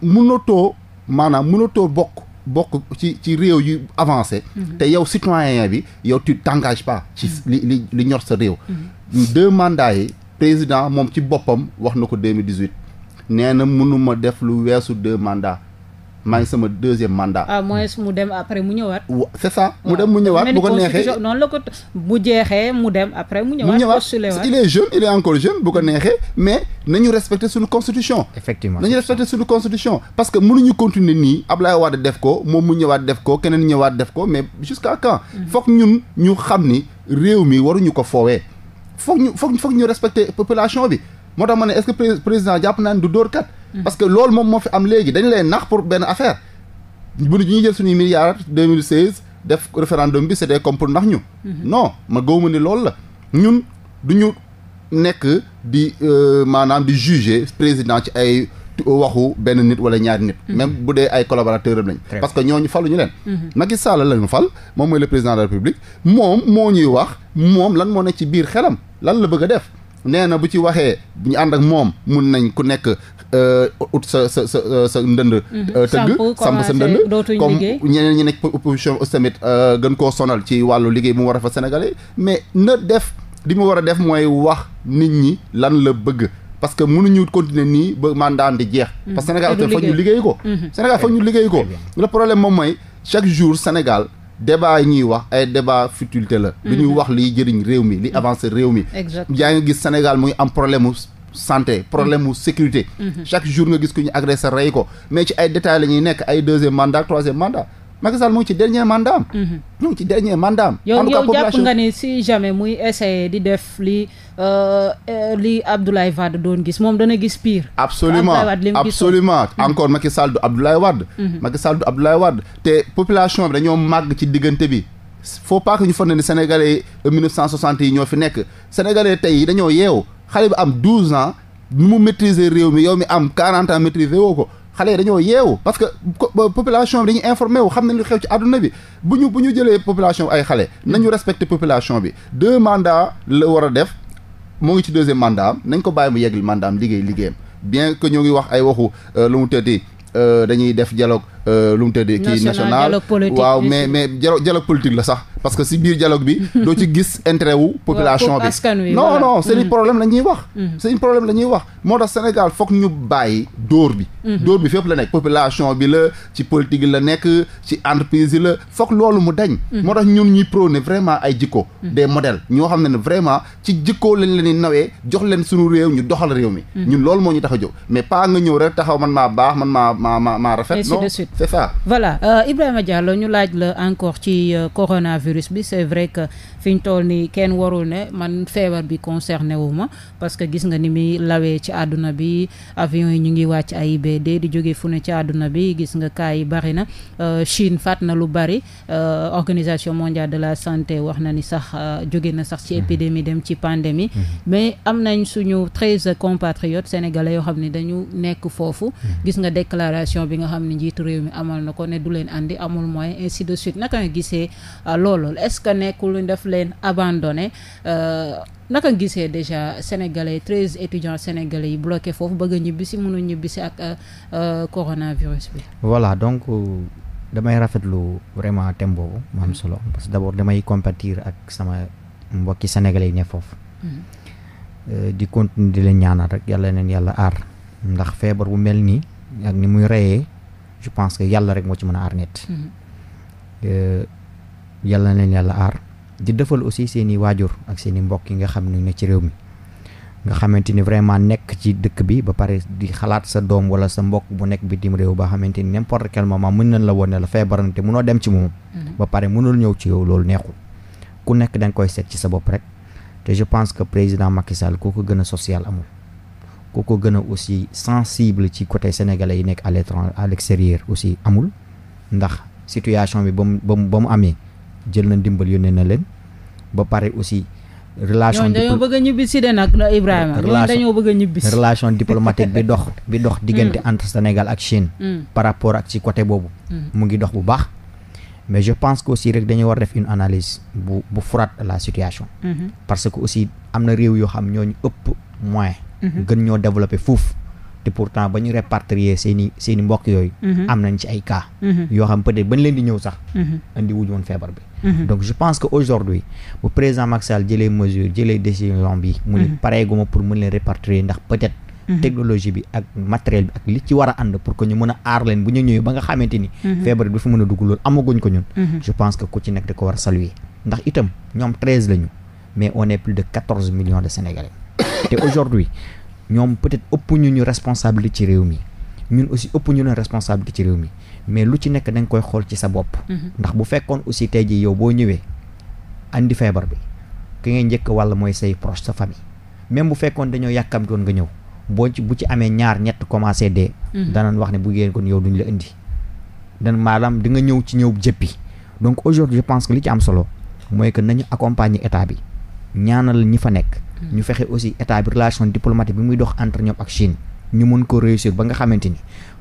mënatoo maanaam mënatoo bokk. bokk ci ci réew yu avancé mhm. te yow citoyen bi yow tu t'engages pas ci mhm. li li li ñor sa réew mhm. deux mandats yi président moom ci boppam wax na ko 2018 nee na mënuma def lu weesu deux mandats maa ngi sama deuxième mandat. à ah, moins mu dem après mu ñëwaat. wa c' est ça mu dem mu ñëwaat bu ko neexee noonu la ko bu jeexee mu dem après mu ñëwaat. postulé waat il est jeune il est encore jeune bu ko neexee mais ñu respecter suñu constitution. effectivement nañu respecter suñu constitution. parce que mënuñu continuer nii Ablaye Wade def ko moom mu ñëwaat def ko keneen ñëwaat def ko mais jusqu'à quand. Mm-hmm. foog ñun ñu xam ni réew mi waruñu ko foowee. foog ñu foog foog ñu respecter population bi. moo tax ma ne est-ce que président jàpp naa ne du dóor kat. parce que loolu moom moo fi am léegi dañu lay nax pour benn affaire. bu ñu jël suñuy milliards 2016 def référendum bi c'était comme pour ndax ñu. Mhm. non ma gëw ma ni loolu la ñun du ñu nekk di euh, maanaam di juger président ci ay waxu benn nit wala ñaari nit. Mhm. même bu dee ay collaborateurs am lañ. parce que ñooñu ñu leen. Mhm. Macky Sall lañu fal moom mooy le président de la République moom moo ñuy wax moom lan moo ne ci biir xelam lan la bëgg a def. nee na bu ci waxee ñu ànd ak moom mun nañ ku nekk euh, ut sa sa sa euh, sa ndënd mhm. euh, tëgg samp sa ndënd comme ñeneen ñi nekk opposition aussi tamit gën koo sonal ci wàllu liggéey bu mu war a fa senegale mais na def li mu war a def mooy wax nit ñi lan la bëgg parce que mënuñu continuer nii ba mandat di jeex mhm. parce que mhm. Sénégal foog ñu liggéey ko Sénégal foog ñu liggéey ko le problème moom mooy chaque jour Sénégal débat yi ñuy wax ay debaa futilité la lu mm-hmm. ñuy wax liy jëriñ réew mi li mm-hmm. avancé réew mi yaa ngi gis Sénégal muy am problème mu santé problème mu mm-hmm. sécurité chaque jour nga gis ku ñu agressé rey ko mais ci ay détails la ñuy nekk ay deuxième mandat troisième mandat Macky Sall mu ci dernier mandat am. mu ngi ci dernier mandat am. en tout cas yow jàpp nga ni si jamais muy essayer di def li euh, euh, li Abdoulaye Wade doon gis moom dana gis pire. absolument absolument mhm. encore Macky Sall du Abdoulaye Wade. Mhm. Macky Sall du Abdoulaye Wade population bi dañoo màgg ci diggante bi. faut pas que ñu foog ne ni sénégalais 1960 euh, yi ñoo fi nekk sénégalais tey dañoo yeew xale bi am 12 ans mu maîtriser réew mi yow mi am 40 ans maîtriser woo ko. xale yi dañoo yeewu parce que population bi dañuy informé wu xam nañ lu xew ci àdduna bi bu ñu bu ñu jëlee population ay xale nañu respecté population bi deux mandats la war a def moo ngi ci deuxième mandat nañ ko bàyyi mu yegli mandaam liggéey liggéeyam bien que ñoo ngi wax ay waxu euh, lu mu tëddee euh, dañuy def dialogue Euh, lu mu tëddee kii national waaw mais mais dialogue politique la sax parce que si biir dialogue bi doo ci gis intérêt wu population bi non non c'est mm. un la ñuy wax mm. c'est un problème la ñuy wax moo tax Sénégal foog ñu bàyyi dóor bi mm-hmm. dóor bi fépp la nekk population bi la ci politique la nekk ci entreprise yi la foog loolu mu dañ mm. moo tax ñun ñuy prôné vraiment ay jikko des modèles ñoo xam ne ne vraiment ci jikkoo lañ leen di nawee jox leen suñu réew ñu doxal réew mi ñun loolu moo ñu tax a jóg mais pas nga ñëw rek taxaw man maa baax man maa maa maa c'est voilà euh, Ibrahima Diallo ñu laaj la encore ci euh, coronavirus bi c'est vrai que fi ñu tool nii kenn warul ne man feebar bi concerné wu ma parce que gis nga ni muy lawee ci àdduna bi avion yi ñu ngi wàcc ay AIBD di jóge fu ne ci àdduna bi gis nga cas yi bari na euh, Chine faat na lu bari euh, organisation mondiale de la santé wax na ni sax jóge na sax ci mm-hmm. épidémie dem ci pandémie mm-hmm. mais am nañ suñu treize compatriotes sénégalais yoo xam ni dañu nekk foofu mm-hmm. gis nga déclaration bi nga xam ne njiitu réew mi amal na ko ne du leen andi amul moyen ainsi de suite naka nga gisee euh, loolu est-ce que nekkul ñu def leen abandonné euh, naka nga gisee déjà sénégalais treize étudiants sénégalais yi bloqué foofu bëgg a ñibbisi mënul ñibbisi ak euh, coronavirus bi. voilà donc damay rafetlu vraiment thème boobu mu am solo parce que d'abord damay compatir ak sama mbokki sénégalais yi ne foofu. Hmm. di continuer di leen ñaanal rek yàlla neen yàlla aar. ndax feebar bu mel nii ak ni muy reyee je pense que yàlla rek moo ci man a aar nit. Mhm. Euh, yàlla na leen yàlla aar di defal aussi seen i waajur ak seen i mbokk yi nga xam ne ne ci réew mi nga xamante ni vraiment nekk ci dëkk bi ba pare di xalaat sa doom wala sa mbokk bu nekk bi bitim réew ba xamante ni n'importe quel moment mën nañ la wone la feebar te mënoo dem ci moom. Mhm. ba pare mënul ñëw ci yow loolu neexul ku nekk da koy seet ci sa bopp rek te je pense que président Macky Sall ku ko gën a social amul. ku ko gën a aussi sensible ci côté sénégalais yi nekk à l'étranger à l'extérieur aussi amul ndax situation bi ba mu ba mu ba mu amee jël na ndimbal yónnee na leen ba pare aussi relation dañoo bëgg a ñibbisi de nag Ibrahima ñoom dañoo bëgg a ñibbisi relation diplomatique bi dox bi dox diggante mm. entre Sénégal ak Chine mm. par rapport ak ci côté boobu mm. mu ngi dox bu baax mais je pense que aussi rek dañu war def une analyse bu bu froide la situation mm-hmm. parce que aussi am na réew yoo xam ñooñu ëpp moyen Mm-hmm. gën ñoo développé fuuf te pourtant ba ñu répatrier seen i seen mbokk yooyu mm-hmm. am nañ ci ay cas mm-hmm. yoo xam peut-être bañ leen di ñëw sax indi wuñ feebar bi donc je pense que aujourd'hui bu président Macky jëlee mesure jëlee décision bi mu ne pareeguma pour mën leen répatrier ndax peut-être bi ak matériel bi ak li ci war a ànd pour que ñu mën a aar leen bu ñu ñëwee ba nga xamante ni feebar bi du mën a dugg loolu amaguñ ko ñun je pense a saluer ndax itam te aujourd'hui ñoom peut-être ëpp ñu ñu responsabilité ci réew mi ñun aussi ëpp ñu leen responsabilité ci réew mi mais lu ci nekk da koy xool ci sa bopp. Mhm. ndax bu fekkoon aussi tey jii yow boo ñëwee indi feebar bi ki ngay njëkk walla mooy say proche sa famille même bu fekkoon dañoo yàkkamti woon nga ñëw boo ci bu ci amee ñaar ñett commencé dee. Mhm. danañ wax ne bu ngeen kon yow duñ la indi. dan maanaam di nga ñëw ci ñëw jëppi donc aujourd'hui je pense que li ci am solo mooy que nañu accompagner état bi ñaanal ñi fa nekk. ñu fexe aussi état bi relation diplomatique bi muy dox entre ñoom ak Chine ñu mën ko réussir ba nga xamante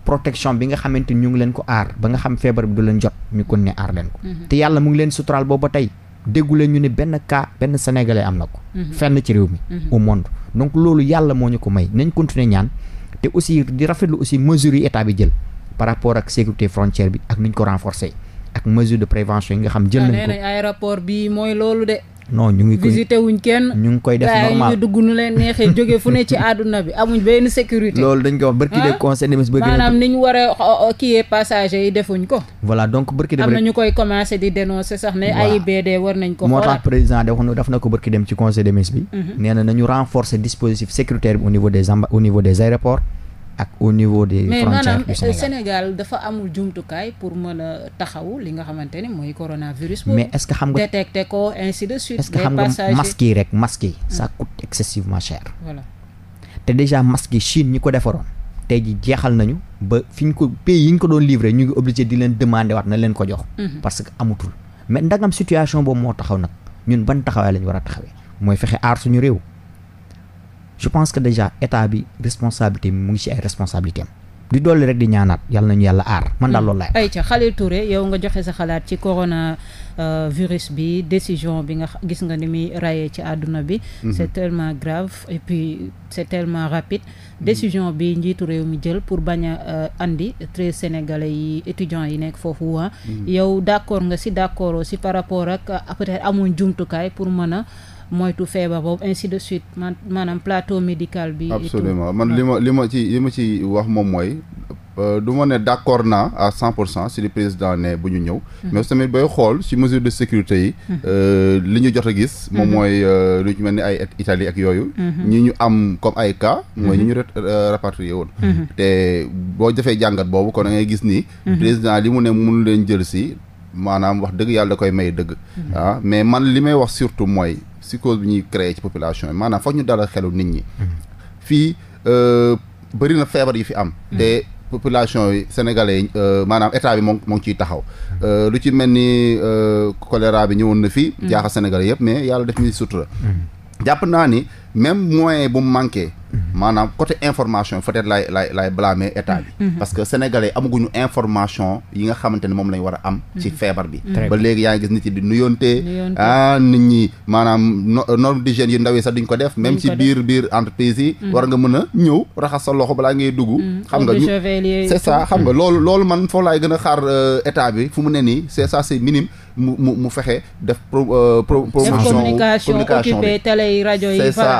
protection bi nga xamante ñu ngi leen ko aar ba nga xam feebar bi du leen jot ñu kon ne aar leen ko mhm. te yàlla mu ngi leen suturaal booba tey déggu ñu ne benn cas benn sénégalais am na ko mhm. fenn ci réew mi mhm. au monde donc loolu yàlla moo ñu ko may nañ continuer ñaan te aussi di rafetlu aussi mesures yi état bi jël par rapport ak sécurité frontière non ñu ngi koy visité wuñ kenn ñu ngi koy def normal ñu dugg nu leen neexee jóge fu ne ci àdduna bi amuñ benn sécurité loolu dañ ko wax barki ah? de conseil des ministres maanaam ni ñu a kiyee passager yi defuñ ko voilà donc de am di dénoncer sax ne moo tax président de wax daf na ko barki dem ci conseil bi mhm. nee nañu renforcer dispositif sécuritaire au niveau des au niveau des aéroports ak au niveau des frontières du Sénégal dafa amul jumtukaay pour mën a taxaw li nga xamante ni mooy coronavirus. mais est ce que xam nga détecté ko ainsi de suite. est ce que xam nga rek masques yi. ça coûte excessivement cher. voilà te déjà masques yi Chine ñi ko defaroon. tey ji jeexal nañu ba fi ñu ko pays yi ñu ko doon livré ñu ngi obligé di leen demandé waat na leen ko jox. parce que amatul mais ndagam situation boobu moo taxaw nag ñun ban taxawaay la ñu war a taxawee. mooy fexe aar suñu réew. je pense que déjà état bi responsabilité bi mu ngi ci ay responsabilités am di dolli rek di ñaanaat yàlla nañu yàlla aar man daal hmm. loolu laay. ayca Khalil Touré yow nga joxe sa xalaat ci corona euh, virus bi décision bi nga gis nga ni muy rayé ci àdduna bi. Hmm. c'est tellement grave et puis c'est tellement rapide. décision bi njiitu réew mi jël pour bañ a euh, andi treize sénégalais yi étudiants yi nekk foofu waa. Hmm. yow d'accord nga si d'accord aussi par rapport ak euh, peut-être amuñ jumtukaay pour mën a. moytu feebar boobu ainsi de suite man maanaam plateau médical bi. absolument man li ma li ma ci li ma ci wax moom mooy. Euh, du ma ne d' accord naa a cent pour cent si li président ne bu ñu ñëw. Mm-hmm. mais tamit booy xool si mesure de sécurité yi. Mm-hmm. Euh, li ñu jot a gis. moom mm-hmm. mooy euh, lu ñu mel ni ay Italie ak yooyu. ñi ñu am comme ay cas. mooy ñi ñu rapatrié woon. te boo defee jàngat boobu kon a ngay gis ni. président li mu ne mënu leen jël si maanaam wax dëgg yàlla koy may dëgg. ah mais man li may wax surtout mooy. psychose bi ñuy créer ci population yi maanaam foog ñu dalal xelu nit ñi. Mm-hmm. fii euh, bëri na feebar yi fi am. Mm-hmm. te population yi sénégalais yi euh, maanaam état bi moom moo ngi ciy taxaw. Mm-hmm. Euh, lu ci mel ni choléra bi ñëwoon na fii. jaaxal sénégal yëpp mais yàlla def ñuy sutura. jàpp naa ni. même moyen bu mu manqué. maanaam coté information peut-être laay laay laay blâmer état bi. Mm-hmm. parce que sénégalais amaguñu information yi nga xamante ne moom lañ war a am. ci mm-hmm. feebar bi. ba léegi yaa ngi gis nit yi di nuyontee. ah nit ñi maanaam norme d'hygiène yu ndaw yi sax duñ ko def. même ci biir biir entreprise yi. Mm-hmm. war nga mën a ñëw raxas sa loxo balaa ngay dugg. xam nga ça xam nga loolu loolu man foofu laay gën a xaar euh, état bi fu mu ne nii c'est ça c'est minime mu mu mu fexe def pro euh, promotion. communication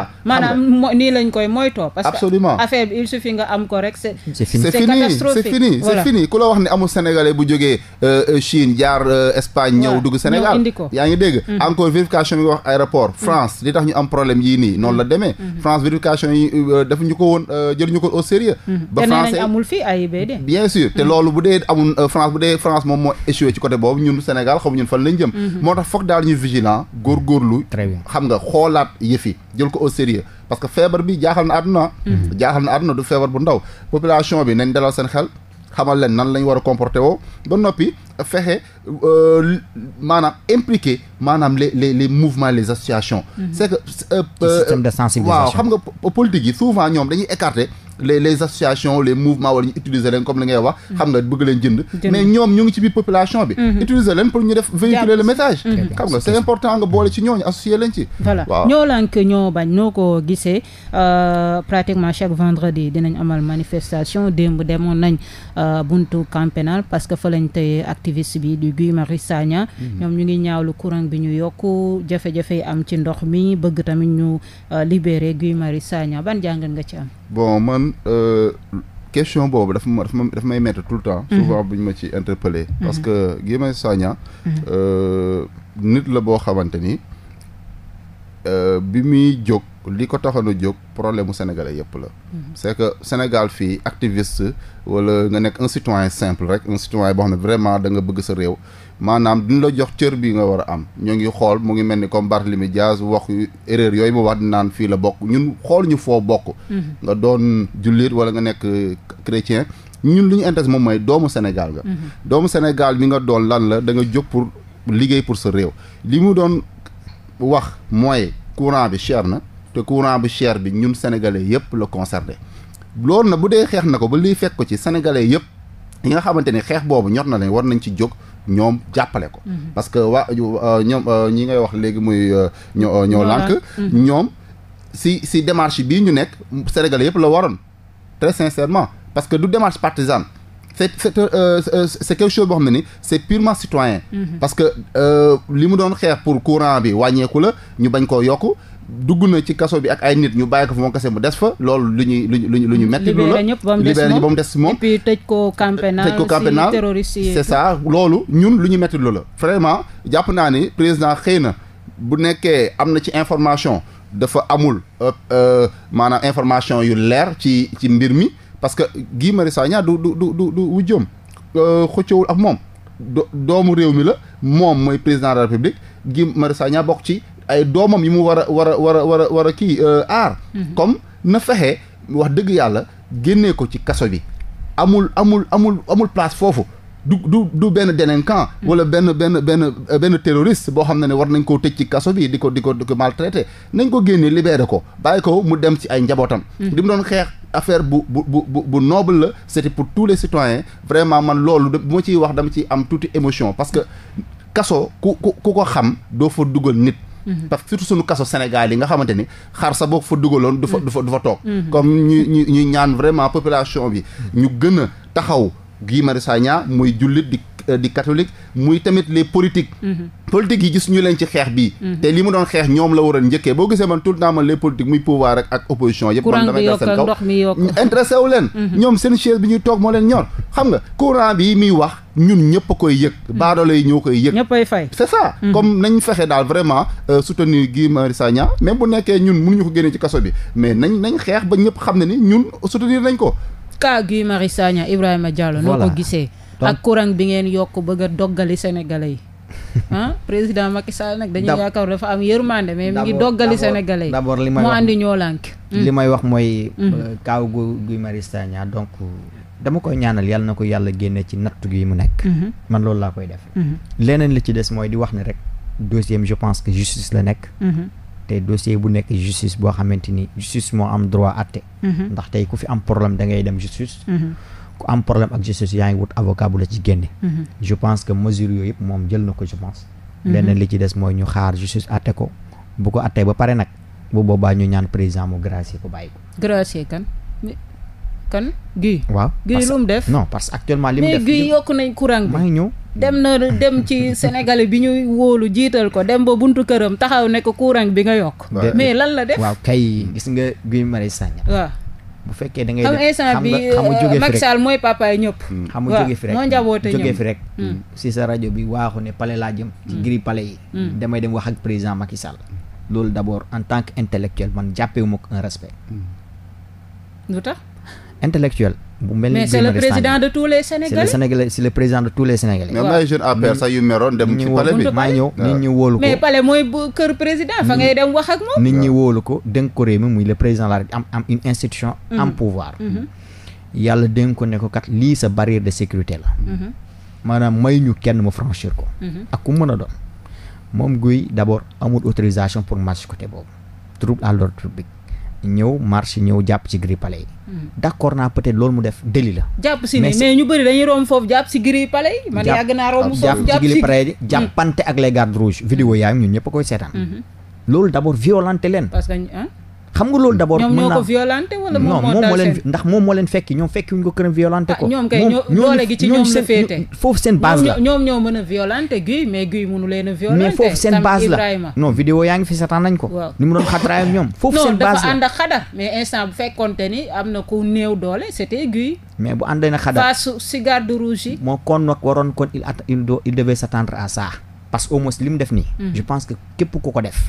voilà maanaam nii lañ koy moytoo parce absolument que affaire bi il suffit nga am ko rek c'est c'est fini c'est fini c'est fini ku la wax ne amul sénégalais bu jógee euh, euh, Chine jaar euh, Espagne ñëw dugg Sénégal yaa ngi dégg mm-hmm. encore vérification bi nga wax aéroport mm-hmm. France li tax ñu am problème yii nii noonu la mm-hmm. demee France vérification yi dafa ñu ko woon jël ñu ko au ba France bu France moom moo échoué ci côté boobu ñun Sénégal xam ñun fan jëm moo tax foog daal ñu vigilant góorgóorlu xam sérieux parce que feebar bi jaaxal na àdduna mhm. jaaxal na àdduna du feebar bu ndaw population bi nañ dalal seen xel xamal leen nan lañu war a comporté woo ba noppi fexe euh, maanaam impliqué maanaam les les les mouvements les associations. Mhm. c' est que. Euh, système de euh, sensibilisation waaw nga politique yi souvent ñoom dañu écarté les les associations les mouvements wala ñu utiliser leen comme li ngay wax mm-hmm. nga bëgg leen jënd mais ñoom ñu ngi ci biir population bi mm-hmm. utiliser leen pour ñu def véhiculer le message mm-hmm. xam nga c'est important nga boole ci ñooñu associer leen ci voilà ñoo lank ñoo bañ noo ko gisee euh, pratiquement chaque vendredi dinañ amal manifestation dem demoon nañ Euh, buntu camp pénal parce que fa lañ tëye activiste bi du Guy Marius Sagna mhm. ñoom ñu ngi ñaawlu courant bi ñu yokku jafe-jafe am ci ndox mi bëgg tamit ñu euh, libérer Guy Marius Sagna ban jàngat nga ci am bon man euh, question boobu dafa ma dafa may mettre tout le temps mhm. souvent bu ñu ma ci interpellé mhm. parce que Guy Marius Sagna nit la boo xamante ni bi muy jóg li ko taxoon a jóg problème mu sénégalais yëpp la. c'est que Sénégal fii activiste wala nga nekk un citoyen simple rek un citoyen boo xam ne vraiment danga bëgg sa réew maanaam duñ la jox cër bi nga war a am ñoo ngi xool mu ngi mel ni comme Barthélémy Dias wax erreur yooyu mu wax naan fii la bokk ñun xool ñu foo bokk. Mm-hmm. nga doon jullit wala nga nekk chrétien ñun li ñu intéresse moom mooy doomu Sénégal nga. Mm-hmm. doomu Sénégal bi nga doon lan la danga nga jóg pour liggéey pour sa réew li mu doon wax mooy courant bi cher na. te courant bu cher bi ñun sénégalais yëpp la concerné loolu na bu dee xeex na ko ba liy fekk ko ci sénégalais yëpp yi nga xamante ni xeex boobu ñor na leen war ci jóg ñoom jàppale ko. Mhm. parce que waa euh, euh, ñi ngay wax léegi muy euh, ñoo ñoo lànk. Mhm. ñoom si si démarche bii ñu nekk sénégalais yëpp la waroon très sincèrement parce du démarche partisane. c'est c'est euh, c'est quelque chose boo xam ne ni c'est purement citoyen. Mm -hmm. parce que li mu doon xeex pour courant bi wàññeeku la ñu bañ koo yokk. dugg na ci kaso bi ak ay nit ñu bàyyi ko fa moom kese mu des fa loolu lu ñuy lu ñu lu ñu metti lu la libéré ñëpp ba mu des moom et puis tëj ko camp pénal terroriste yi c'est ça loolu ñun lu ñu metti lu la vraiment jàpp naa ni président xëy na bu nekkee am na ci information dafa amul euh, euh, maanaam information yu leer ci ci mbir mi parce que gii Marius Sagna du du du du wu jëm euh, xëccowul ak moom doomu réew mi la moom mooy président de la république Guy Marius bokk ci ay doomam yi mu war a war a war a war a war a kii euh, aar. Mhm. comme na fexe wax dëgg yàlla génnee ko ci kaso bi amul amul amul amul place foofu. du du du benn délinquant mhm. wala benn benn benn euh, benn terroriste boo xam ne ne war nañ koo tëj ci kaso bi di ko di ko di ko maltraité nañ ko génne libéré ko bàyyi ko mu dem ci ay njabootam. di mhm. mu doon xeex affaire bu bu bu bu bu noble la c'était pour tous les citoyens vraiment man loolu de bu ma ciy wax dama ciy am tuuti émotion parce que kaso ku ku ku ko xam doo fa dugal nit. Mhm. parce que surtout suñu kaso Sénégal yi nga xamante ni xar sa boo fa dugaloon du fa mhm. du fa du fa toog mhm. comme ñu ñu ñuy ñaan vraiment population bi ñu gën taxaw Guy Marius Sagna muy jullit di Euh, di catholique muy tamit les politiques mm-hmm. politique yi gis ñu leen ci xeex bi mm-hmm. te li mu doon xeex ñoom la waroon njëkkee boo gisee man tout le temps man les politiques muy pouvoir rek ak opposition yëpp man damay dal seen kaw leen mm-hmm. ñoom seen chaise bi toog moo leen ñor xam nga courant bi muy wax ñun ñëpp a koy yëg baadoolo yi ñoo koy yëg ñëppay fay c'est ça comme nañ fexe daal vraiment euh, soutenir Guy Marius Sagna même bu nekkee ñun mënuñu ko génne ci kaso bi mais nañ nañ xeex ba ñëpp xam ne ni ñun soutenir nañ ko cas Guy Marius Sagna Ibrahima Diallo noo ko gisee ak courant bi ngeen yokk bëgg a doggali sénégalais yi ah président Macky Sall nag dañuy yaakaar dafa am yërmande mais mi ngi doggali sénégalais yi d'abord li may wax moo ñoo lànk li may wax mooy hmm. Hmm. Euh, kaaw gu Guy Marius Sagna donc dama koy ñaanal yàlla na ko yàlla génne ci nattu gi mu nekk hmm. man loolu laa koy def leneen li ci des mooy di wax ne rek dossier je pense que justice la nekk te dossier bu nekk justice boo xamante ni justice moo am droit àtte ndax tey ku fi am problème da ku am problème ak justice yaa ngi wut avocat bu la ci génne mhm. je pense que mesure yooyu yëpp moom jël na ko je pense mhm. leneen li ci des mooy ñu xaar justice atte ko bu ko attee ba pare nag bu boobaa ñu ñaan président mu gracier ko bàyyi ko gracier kan kan Guy. waaw Guy lu mu def non parce que actuellement li mu def mais Guy yokk nañ courant bi maa ngi ñëw dem na dem ci sénégalais bi ñuy wóolu jiital ko dem ba buntu këram taxaw ne ko bi nga yokk mais bu fekkee da ngay def xam nga xam nga euh, mooy papa yi ñëpp. Mm. xam nga jóge fi rek moo njaboote fi rek. Mm. Mm. si sa rajo bi waaxu ne pale laa jëm. ci giri palais yi. damay dem wax ak président Macky Sall. loolu d' abord en tant que intellectuel man jàppee ko un respect. lu tax. intellectuel bu mel ni mais c'est le président de tous les sénégalais c'est le sénégalais c'est le président de tous les sénégalais. waaw mais jeune APR sax yu meroon dem ci palais bi maa ñëw nit ñi wóolu ko. mais palais mooy bu kër président fa ngay dem wax ak moom. nit ñi wóolu ko dénk ko réew mi muy le président la am am une institution. am mm-hmm. pouvoir. Mm-hmm. yàlla dénk ko ne ko kat lii sa barrière de sécurité la. Mm-hmm. maanaam may ñu kenn mu franchir ko. ak ku mën a doon. moom guy d'abord amul autorisation pour marche côté boobu trouble à l'ordre public. ñëw marche ñëw jàpp ci gris palais yi. Hmm. d' accord naa peut être loolu mu def délit la. jàpp si ne mais ñu bëri dañuy romb foofu jàpp si gris palais yi. Hmm. jàppante ak les gardes rouges. vidéo yaa ngi ñun a koy seetaan. Hmm. loolu d' abord leen. xam nga loolu d' abord. ñoom ñoo ko violenté wala moom moo moo leen ndax moom moo leen fekki ñoom fekki wuñ ko këram violenté ah, ko. ñoom kay doole gi ci ñoom la féete foofu seen base la. ñoom ñoo mën a violenté Guy mais Guy mënu leen a violenté. mais foofu seen base la non vidéo yaa ngi fi seetaan nañ ko. ni mu doon xatraay ñoom. foofu seen base la non dafa ànd ak xadar mais instant bu fekkonte ni am na ku néew doole c' était Guy. mais bu àndee na xadar face cigare yi. moo kon nag waroon kon s' attendre à ça parce que au li mu def nii. Mhm. je pense que képp ku ko def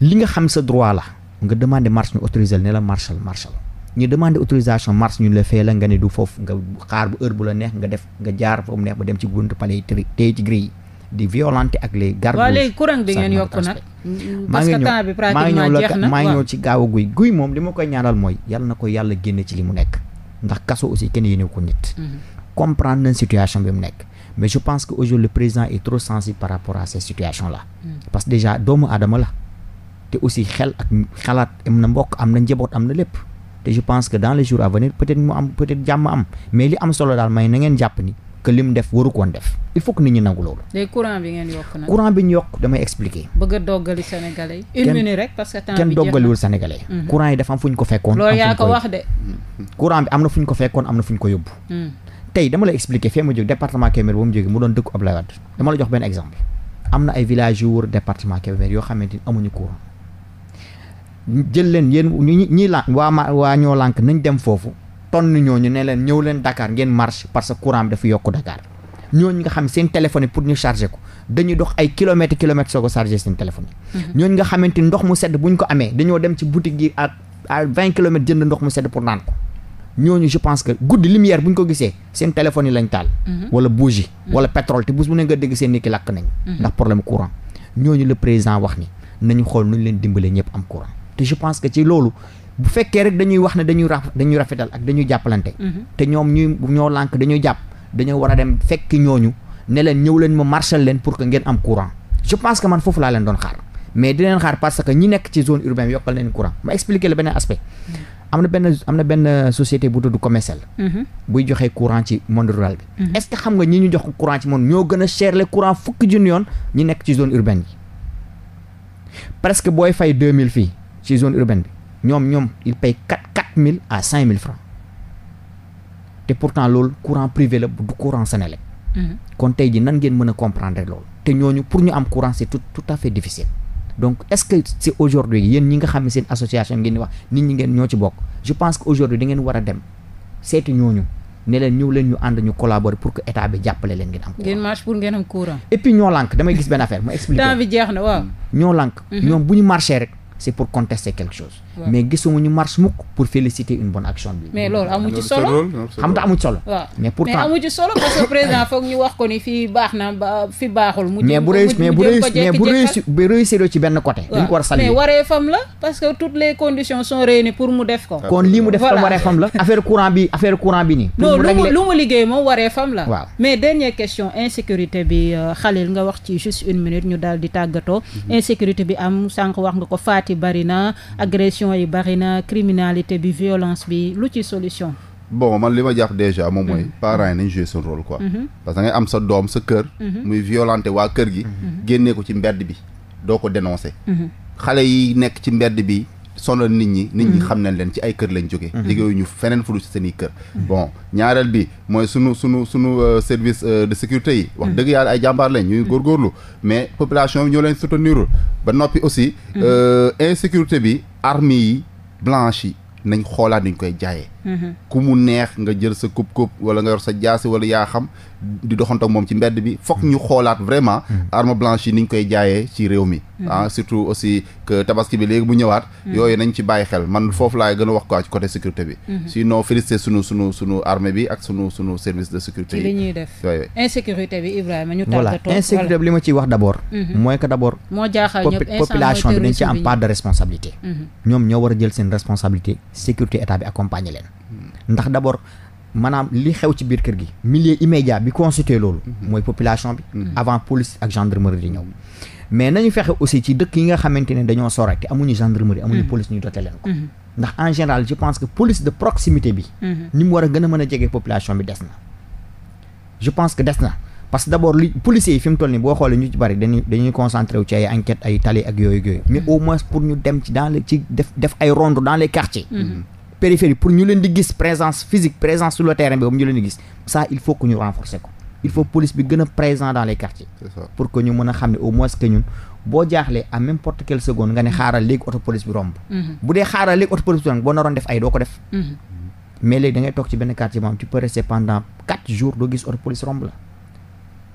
li nga xam sa droit la nga demandé marche ñu autorisé ne la marchal marchal ñu demandé autorisation marche ñu la fee la nga ne du foofu nga xaar bu heure bu jaar foofu neex ba dem ci buntu palais yi ci grille di violenter ak les gardes waaw léegi mm, mm, maa ngi ñëw ci gaaw a guy guy moom li ma koy ñaanal mooy yàlla na ko yàlla génne ci li mu nekk ndax kaso aussi kenn yéene ko nit mhm. comprendre nañ situation bi mu nekk mais je pense que aujourd'hui le président est trop sensible par rapport à ces situations là mhm. parce déjà doomu te aussi xel ak xalaat am na mbokk am na njaboot am na lépp te je pense que dans les jours à venir peut-être mu am peut-être jàmm am mais li am solo daal may na ngeen jàpp ni que lim def waru koon def il faut que nit ñi nangu loolu. courant bi ngeen yokk nag. courant bi ñu yokk damay expliquer. bëgg a doggali sénégalais. une minute rek parce que temps bi kenn doggaliwul sénégalais. Mhm. courant yi dafa am fu ñu ko fekkoon. loolu yaa ko wax de. courant bi am na fu ñu ko fekkoon am na fu ñu ko yóbbu. Mhm. tey dama la expliquer département Kébémer ba mu jógee mu doon dëkku Abdoulaye Wade dama ay villages yu wër yoo xamante ni amuñu courant jël leen yéen ñi waa ma waa ñoo lànk nañ dem foofu tonn ñooñu ne ñëw leen Dakar ngeen marche parce que courant dafa yokk Dakar ñooñu nga xam ñu charger ko dañuy dox ay kilomètres kilomètres soo ko charger seen téléphone yi. Mhm. ñooñu nga xamante ndox mu sedd bu ñu ko amee dañoo dem ci boutique yi à à vingt kilomètres ndox mu sedd pour naan ko. ñooñu je pense que guddi lumière bu ñu ko gisee seen téléphone yi taal. Mhm. wala bougie mhm. wala pétrole te bés bu ne nga dégg seen nit ki lakk nañ. ndax problème courant ñooñu le président wax ni nañu xool nu te je pense que ci loolu bu fekkee rek dañuy wax ne dañuy raf dañuy rafetal ak dañuy jàppalante. Mhm. te ñoom ñoo lànk dañuy jàpp dañoo war a dem fekki ñooñu ne leen ñëw leen ma marchal leen pour que ngeen am courant je pense que man foofu laa leen doon xaar mais di leen xaar parce que ñi nekk ci zone urbaine yokkal leen courant ma expliquer la beneen aspect. Mhm. am na benn am na benn société bu tudd commercial. Mhm. buy joxe courant ci monde rural bi. est xam nga ñi ñu jox courant ci monde ñoo gën a cher le courant fukki junni yoon ñi nekk ci zone urbaine yi. presque booy fay 2000 fii ci zone urbaine bi ñoom ñoom il paye mille à mille francs te pourtant loolu courant privé la du courant Senelec mhm. kon tey ji nan ngeen mën a comprendre loolu te ñooñu pour ñu am courant c'est tout à fait difficile donc est-ce que c'est aujourd'hui yéen ñi nga xam association ngeen di wax nit ñi ngeen ñoo ci bokk je pense que aujourd'hui da ngeen war dem seeti ñooñu ne leen leen ñu ànd ñu collaborer pour que état bi jàppale leen ngeen am. ngeen c'est pour contester quelque chose. mais gisuma ñu marche mukk pour féliciter une bonne action bi. mais loolu amu ci solo xam nga amu ci solo. mais pourtant mais amu ci solo parce que président foog ñu wax ko ni fii baax na fi baaxul. mu mais bu réussi mais bu réussi mais ci benn côté. dañ a saluer mais wareefam la parce mu def ko. kon lii mu def tam wareefam la. affaire courant bi affaire courant bi nii. pour mu régler non lu mu liggéey moom wareefam la. mais dernière question insécurité bi euh, Khalil nga wax ci yi bari na agression yi bari na criminalité bi violence bi lu ci solution. bon man li ma jàpp déjà moom mooy. Mhm. parents yi nañ jouer seen rôle quoi. Mhm. parce que ngay am sa doom sa kër. Mhm. muy violenter waa kër gi. génnee ko ci mbedd bi doo ko dénoncer. xale yi nekk ci mbedd bi. sonal nit ñi nit ñi mm-hmm. xam nañ leen ci ay kër lañ jógee mm-hmm. ñu feneen fu dul ci kër mm-hmm. bon ñaareel bi mooy sunu sunu sunu euh, service euh, de sécurité yi wax dëgg yàlla ay jàmbaar lañ ñuy góor góorgóorlu mais population bi ñoo leen soutenirul ba noppi aussi euh, insécurité bi armes yi blanches yi nañ xoolaat nuñ koy jaayee Mm-hmm. ku mu neex nga jël sa kub-kub wala nga yor sa jaasi wala yaa xam di doxantoog moom ci mbedd bi foog ñu xoolaat vraiment mm-hmm. arme blanche yi ni ñu koy jaayee ci réew mi mm-hmm. ah surtout aussi que tabaski bi léegi bu ñëwaat yooyu nañ ci bàyyi xel man foofu laay gën a wax ko ci côté sécurité bi sinon félicité sunu sunu sunu armée bi ak sunu sunu service de sécurité yi ñuy def insécurité bi Ibrahima ñu tàggatoo voilà bi li ma ciy wax d' abord mooy que d' moo jaaxal ñëpp population bi dañ ci am part de ñoom ñoo war a jël seen responsabilité sécurité état bi leen ndax d'abord maanaam li xew ci biir kër gi milieu immédiat bi constitué loolu mhm. mooy population bi mhm. avant police ak gendarmerie di ñëw mhm. mais nañu fexe aussi ci dëkk yi nga xamante ne dañoo sore te amuñu gendarmerie amuñu police ñu doté leen ko ndax en général je pense que police de proximité bi ni mu war a gën a jege population bi des na je pense que des na parce que d' abord li yi fi mu toll nii boo xoolee ñu ci bari dañuy dañuy ci ay enquête ay tali dem ci dans le ci def périphérie présence physique présence sur le terrain bi di gis ça il faut que ñu renforcer ko il faut police bi gën présent dans les pour que ñu a xam ne au moins que boo jaaxlee à n'importe quelle seconde xaaral léegi auto bi romb mhm. bu dee xaaral léegi auto bi romb boo naroon def ay doo ko def mhm. mais léegi da toog ci benn quartier moom tu peux rester quatre jours doo gis auto romb la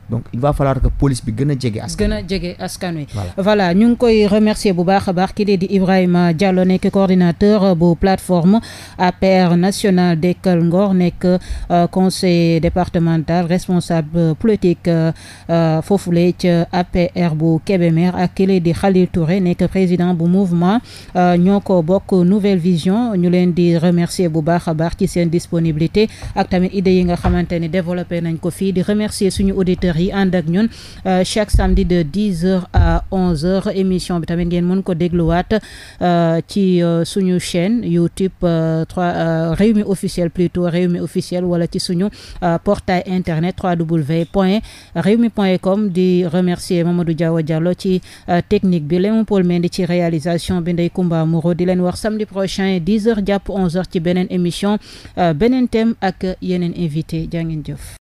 donc il va falloir que police bi gën a jege askan wi gën a askan wi voilà ñu ngi koy remercier bu baax a baax ki lee di Ibrahima Diallo nekk coordinateur euh, bu plateforme APR national Dekkal Ngor nekk euh, conseil départemental responsable politique euh, foofule ca APR bu Kébémer ak ki lee di Khalil Touré nekk président bu mouvement ñoo ko bokk nouvelle vision ñu leen di remercier bu baax a baax ci seen disponibilité ak tamit idées yi nga xamante ni développé nañ ko fii di remercier suñu auditeur auditeurs yi ànd ak ñun euh, chaque samedi de 10 heures à 11 émission bi tamit ngeen mën ko dégluwaat euh, ci euh, suñu chaîne YouTube 3 Rewmi officiel plutôt Rewmi officiel wala ci suñu portail internet www.rewmi.com di remercier Mamadou Diawa Diallo ci technique bi Léon Paul Mendy ci réalisation bi Ndeye Comba Moreau di leen wax samedi prochain 10 heures jàpp 11 heures ci beneen émission beneen thème ak yeneen invité jaa ngeen jëf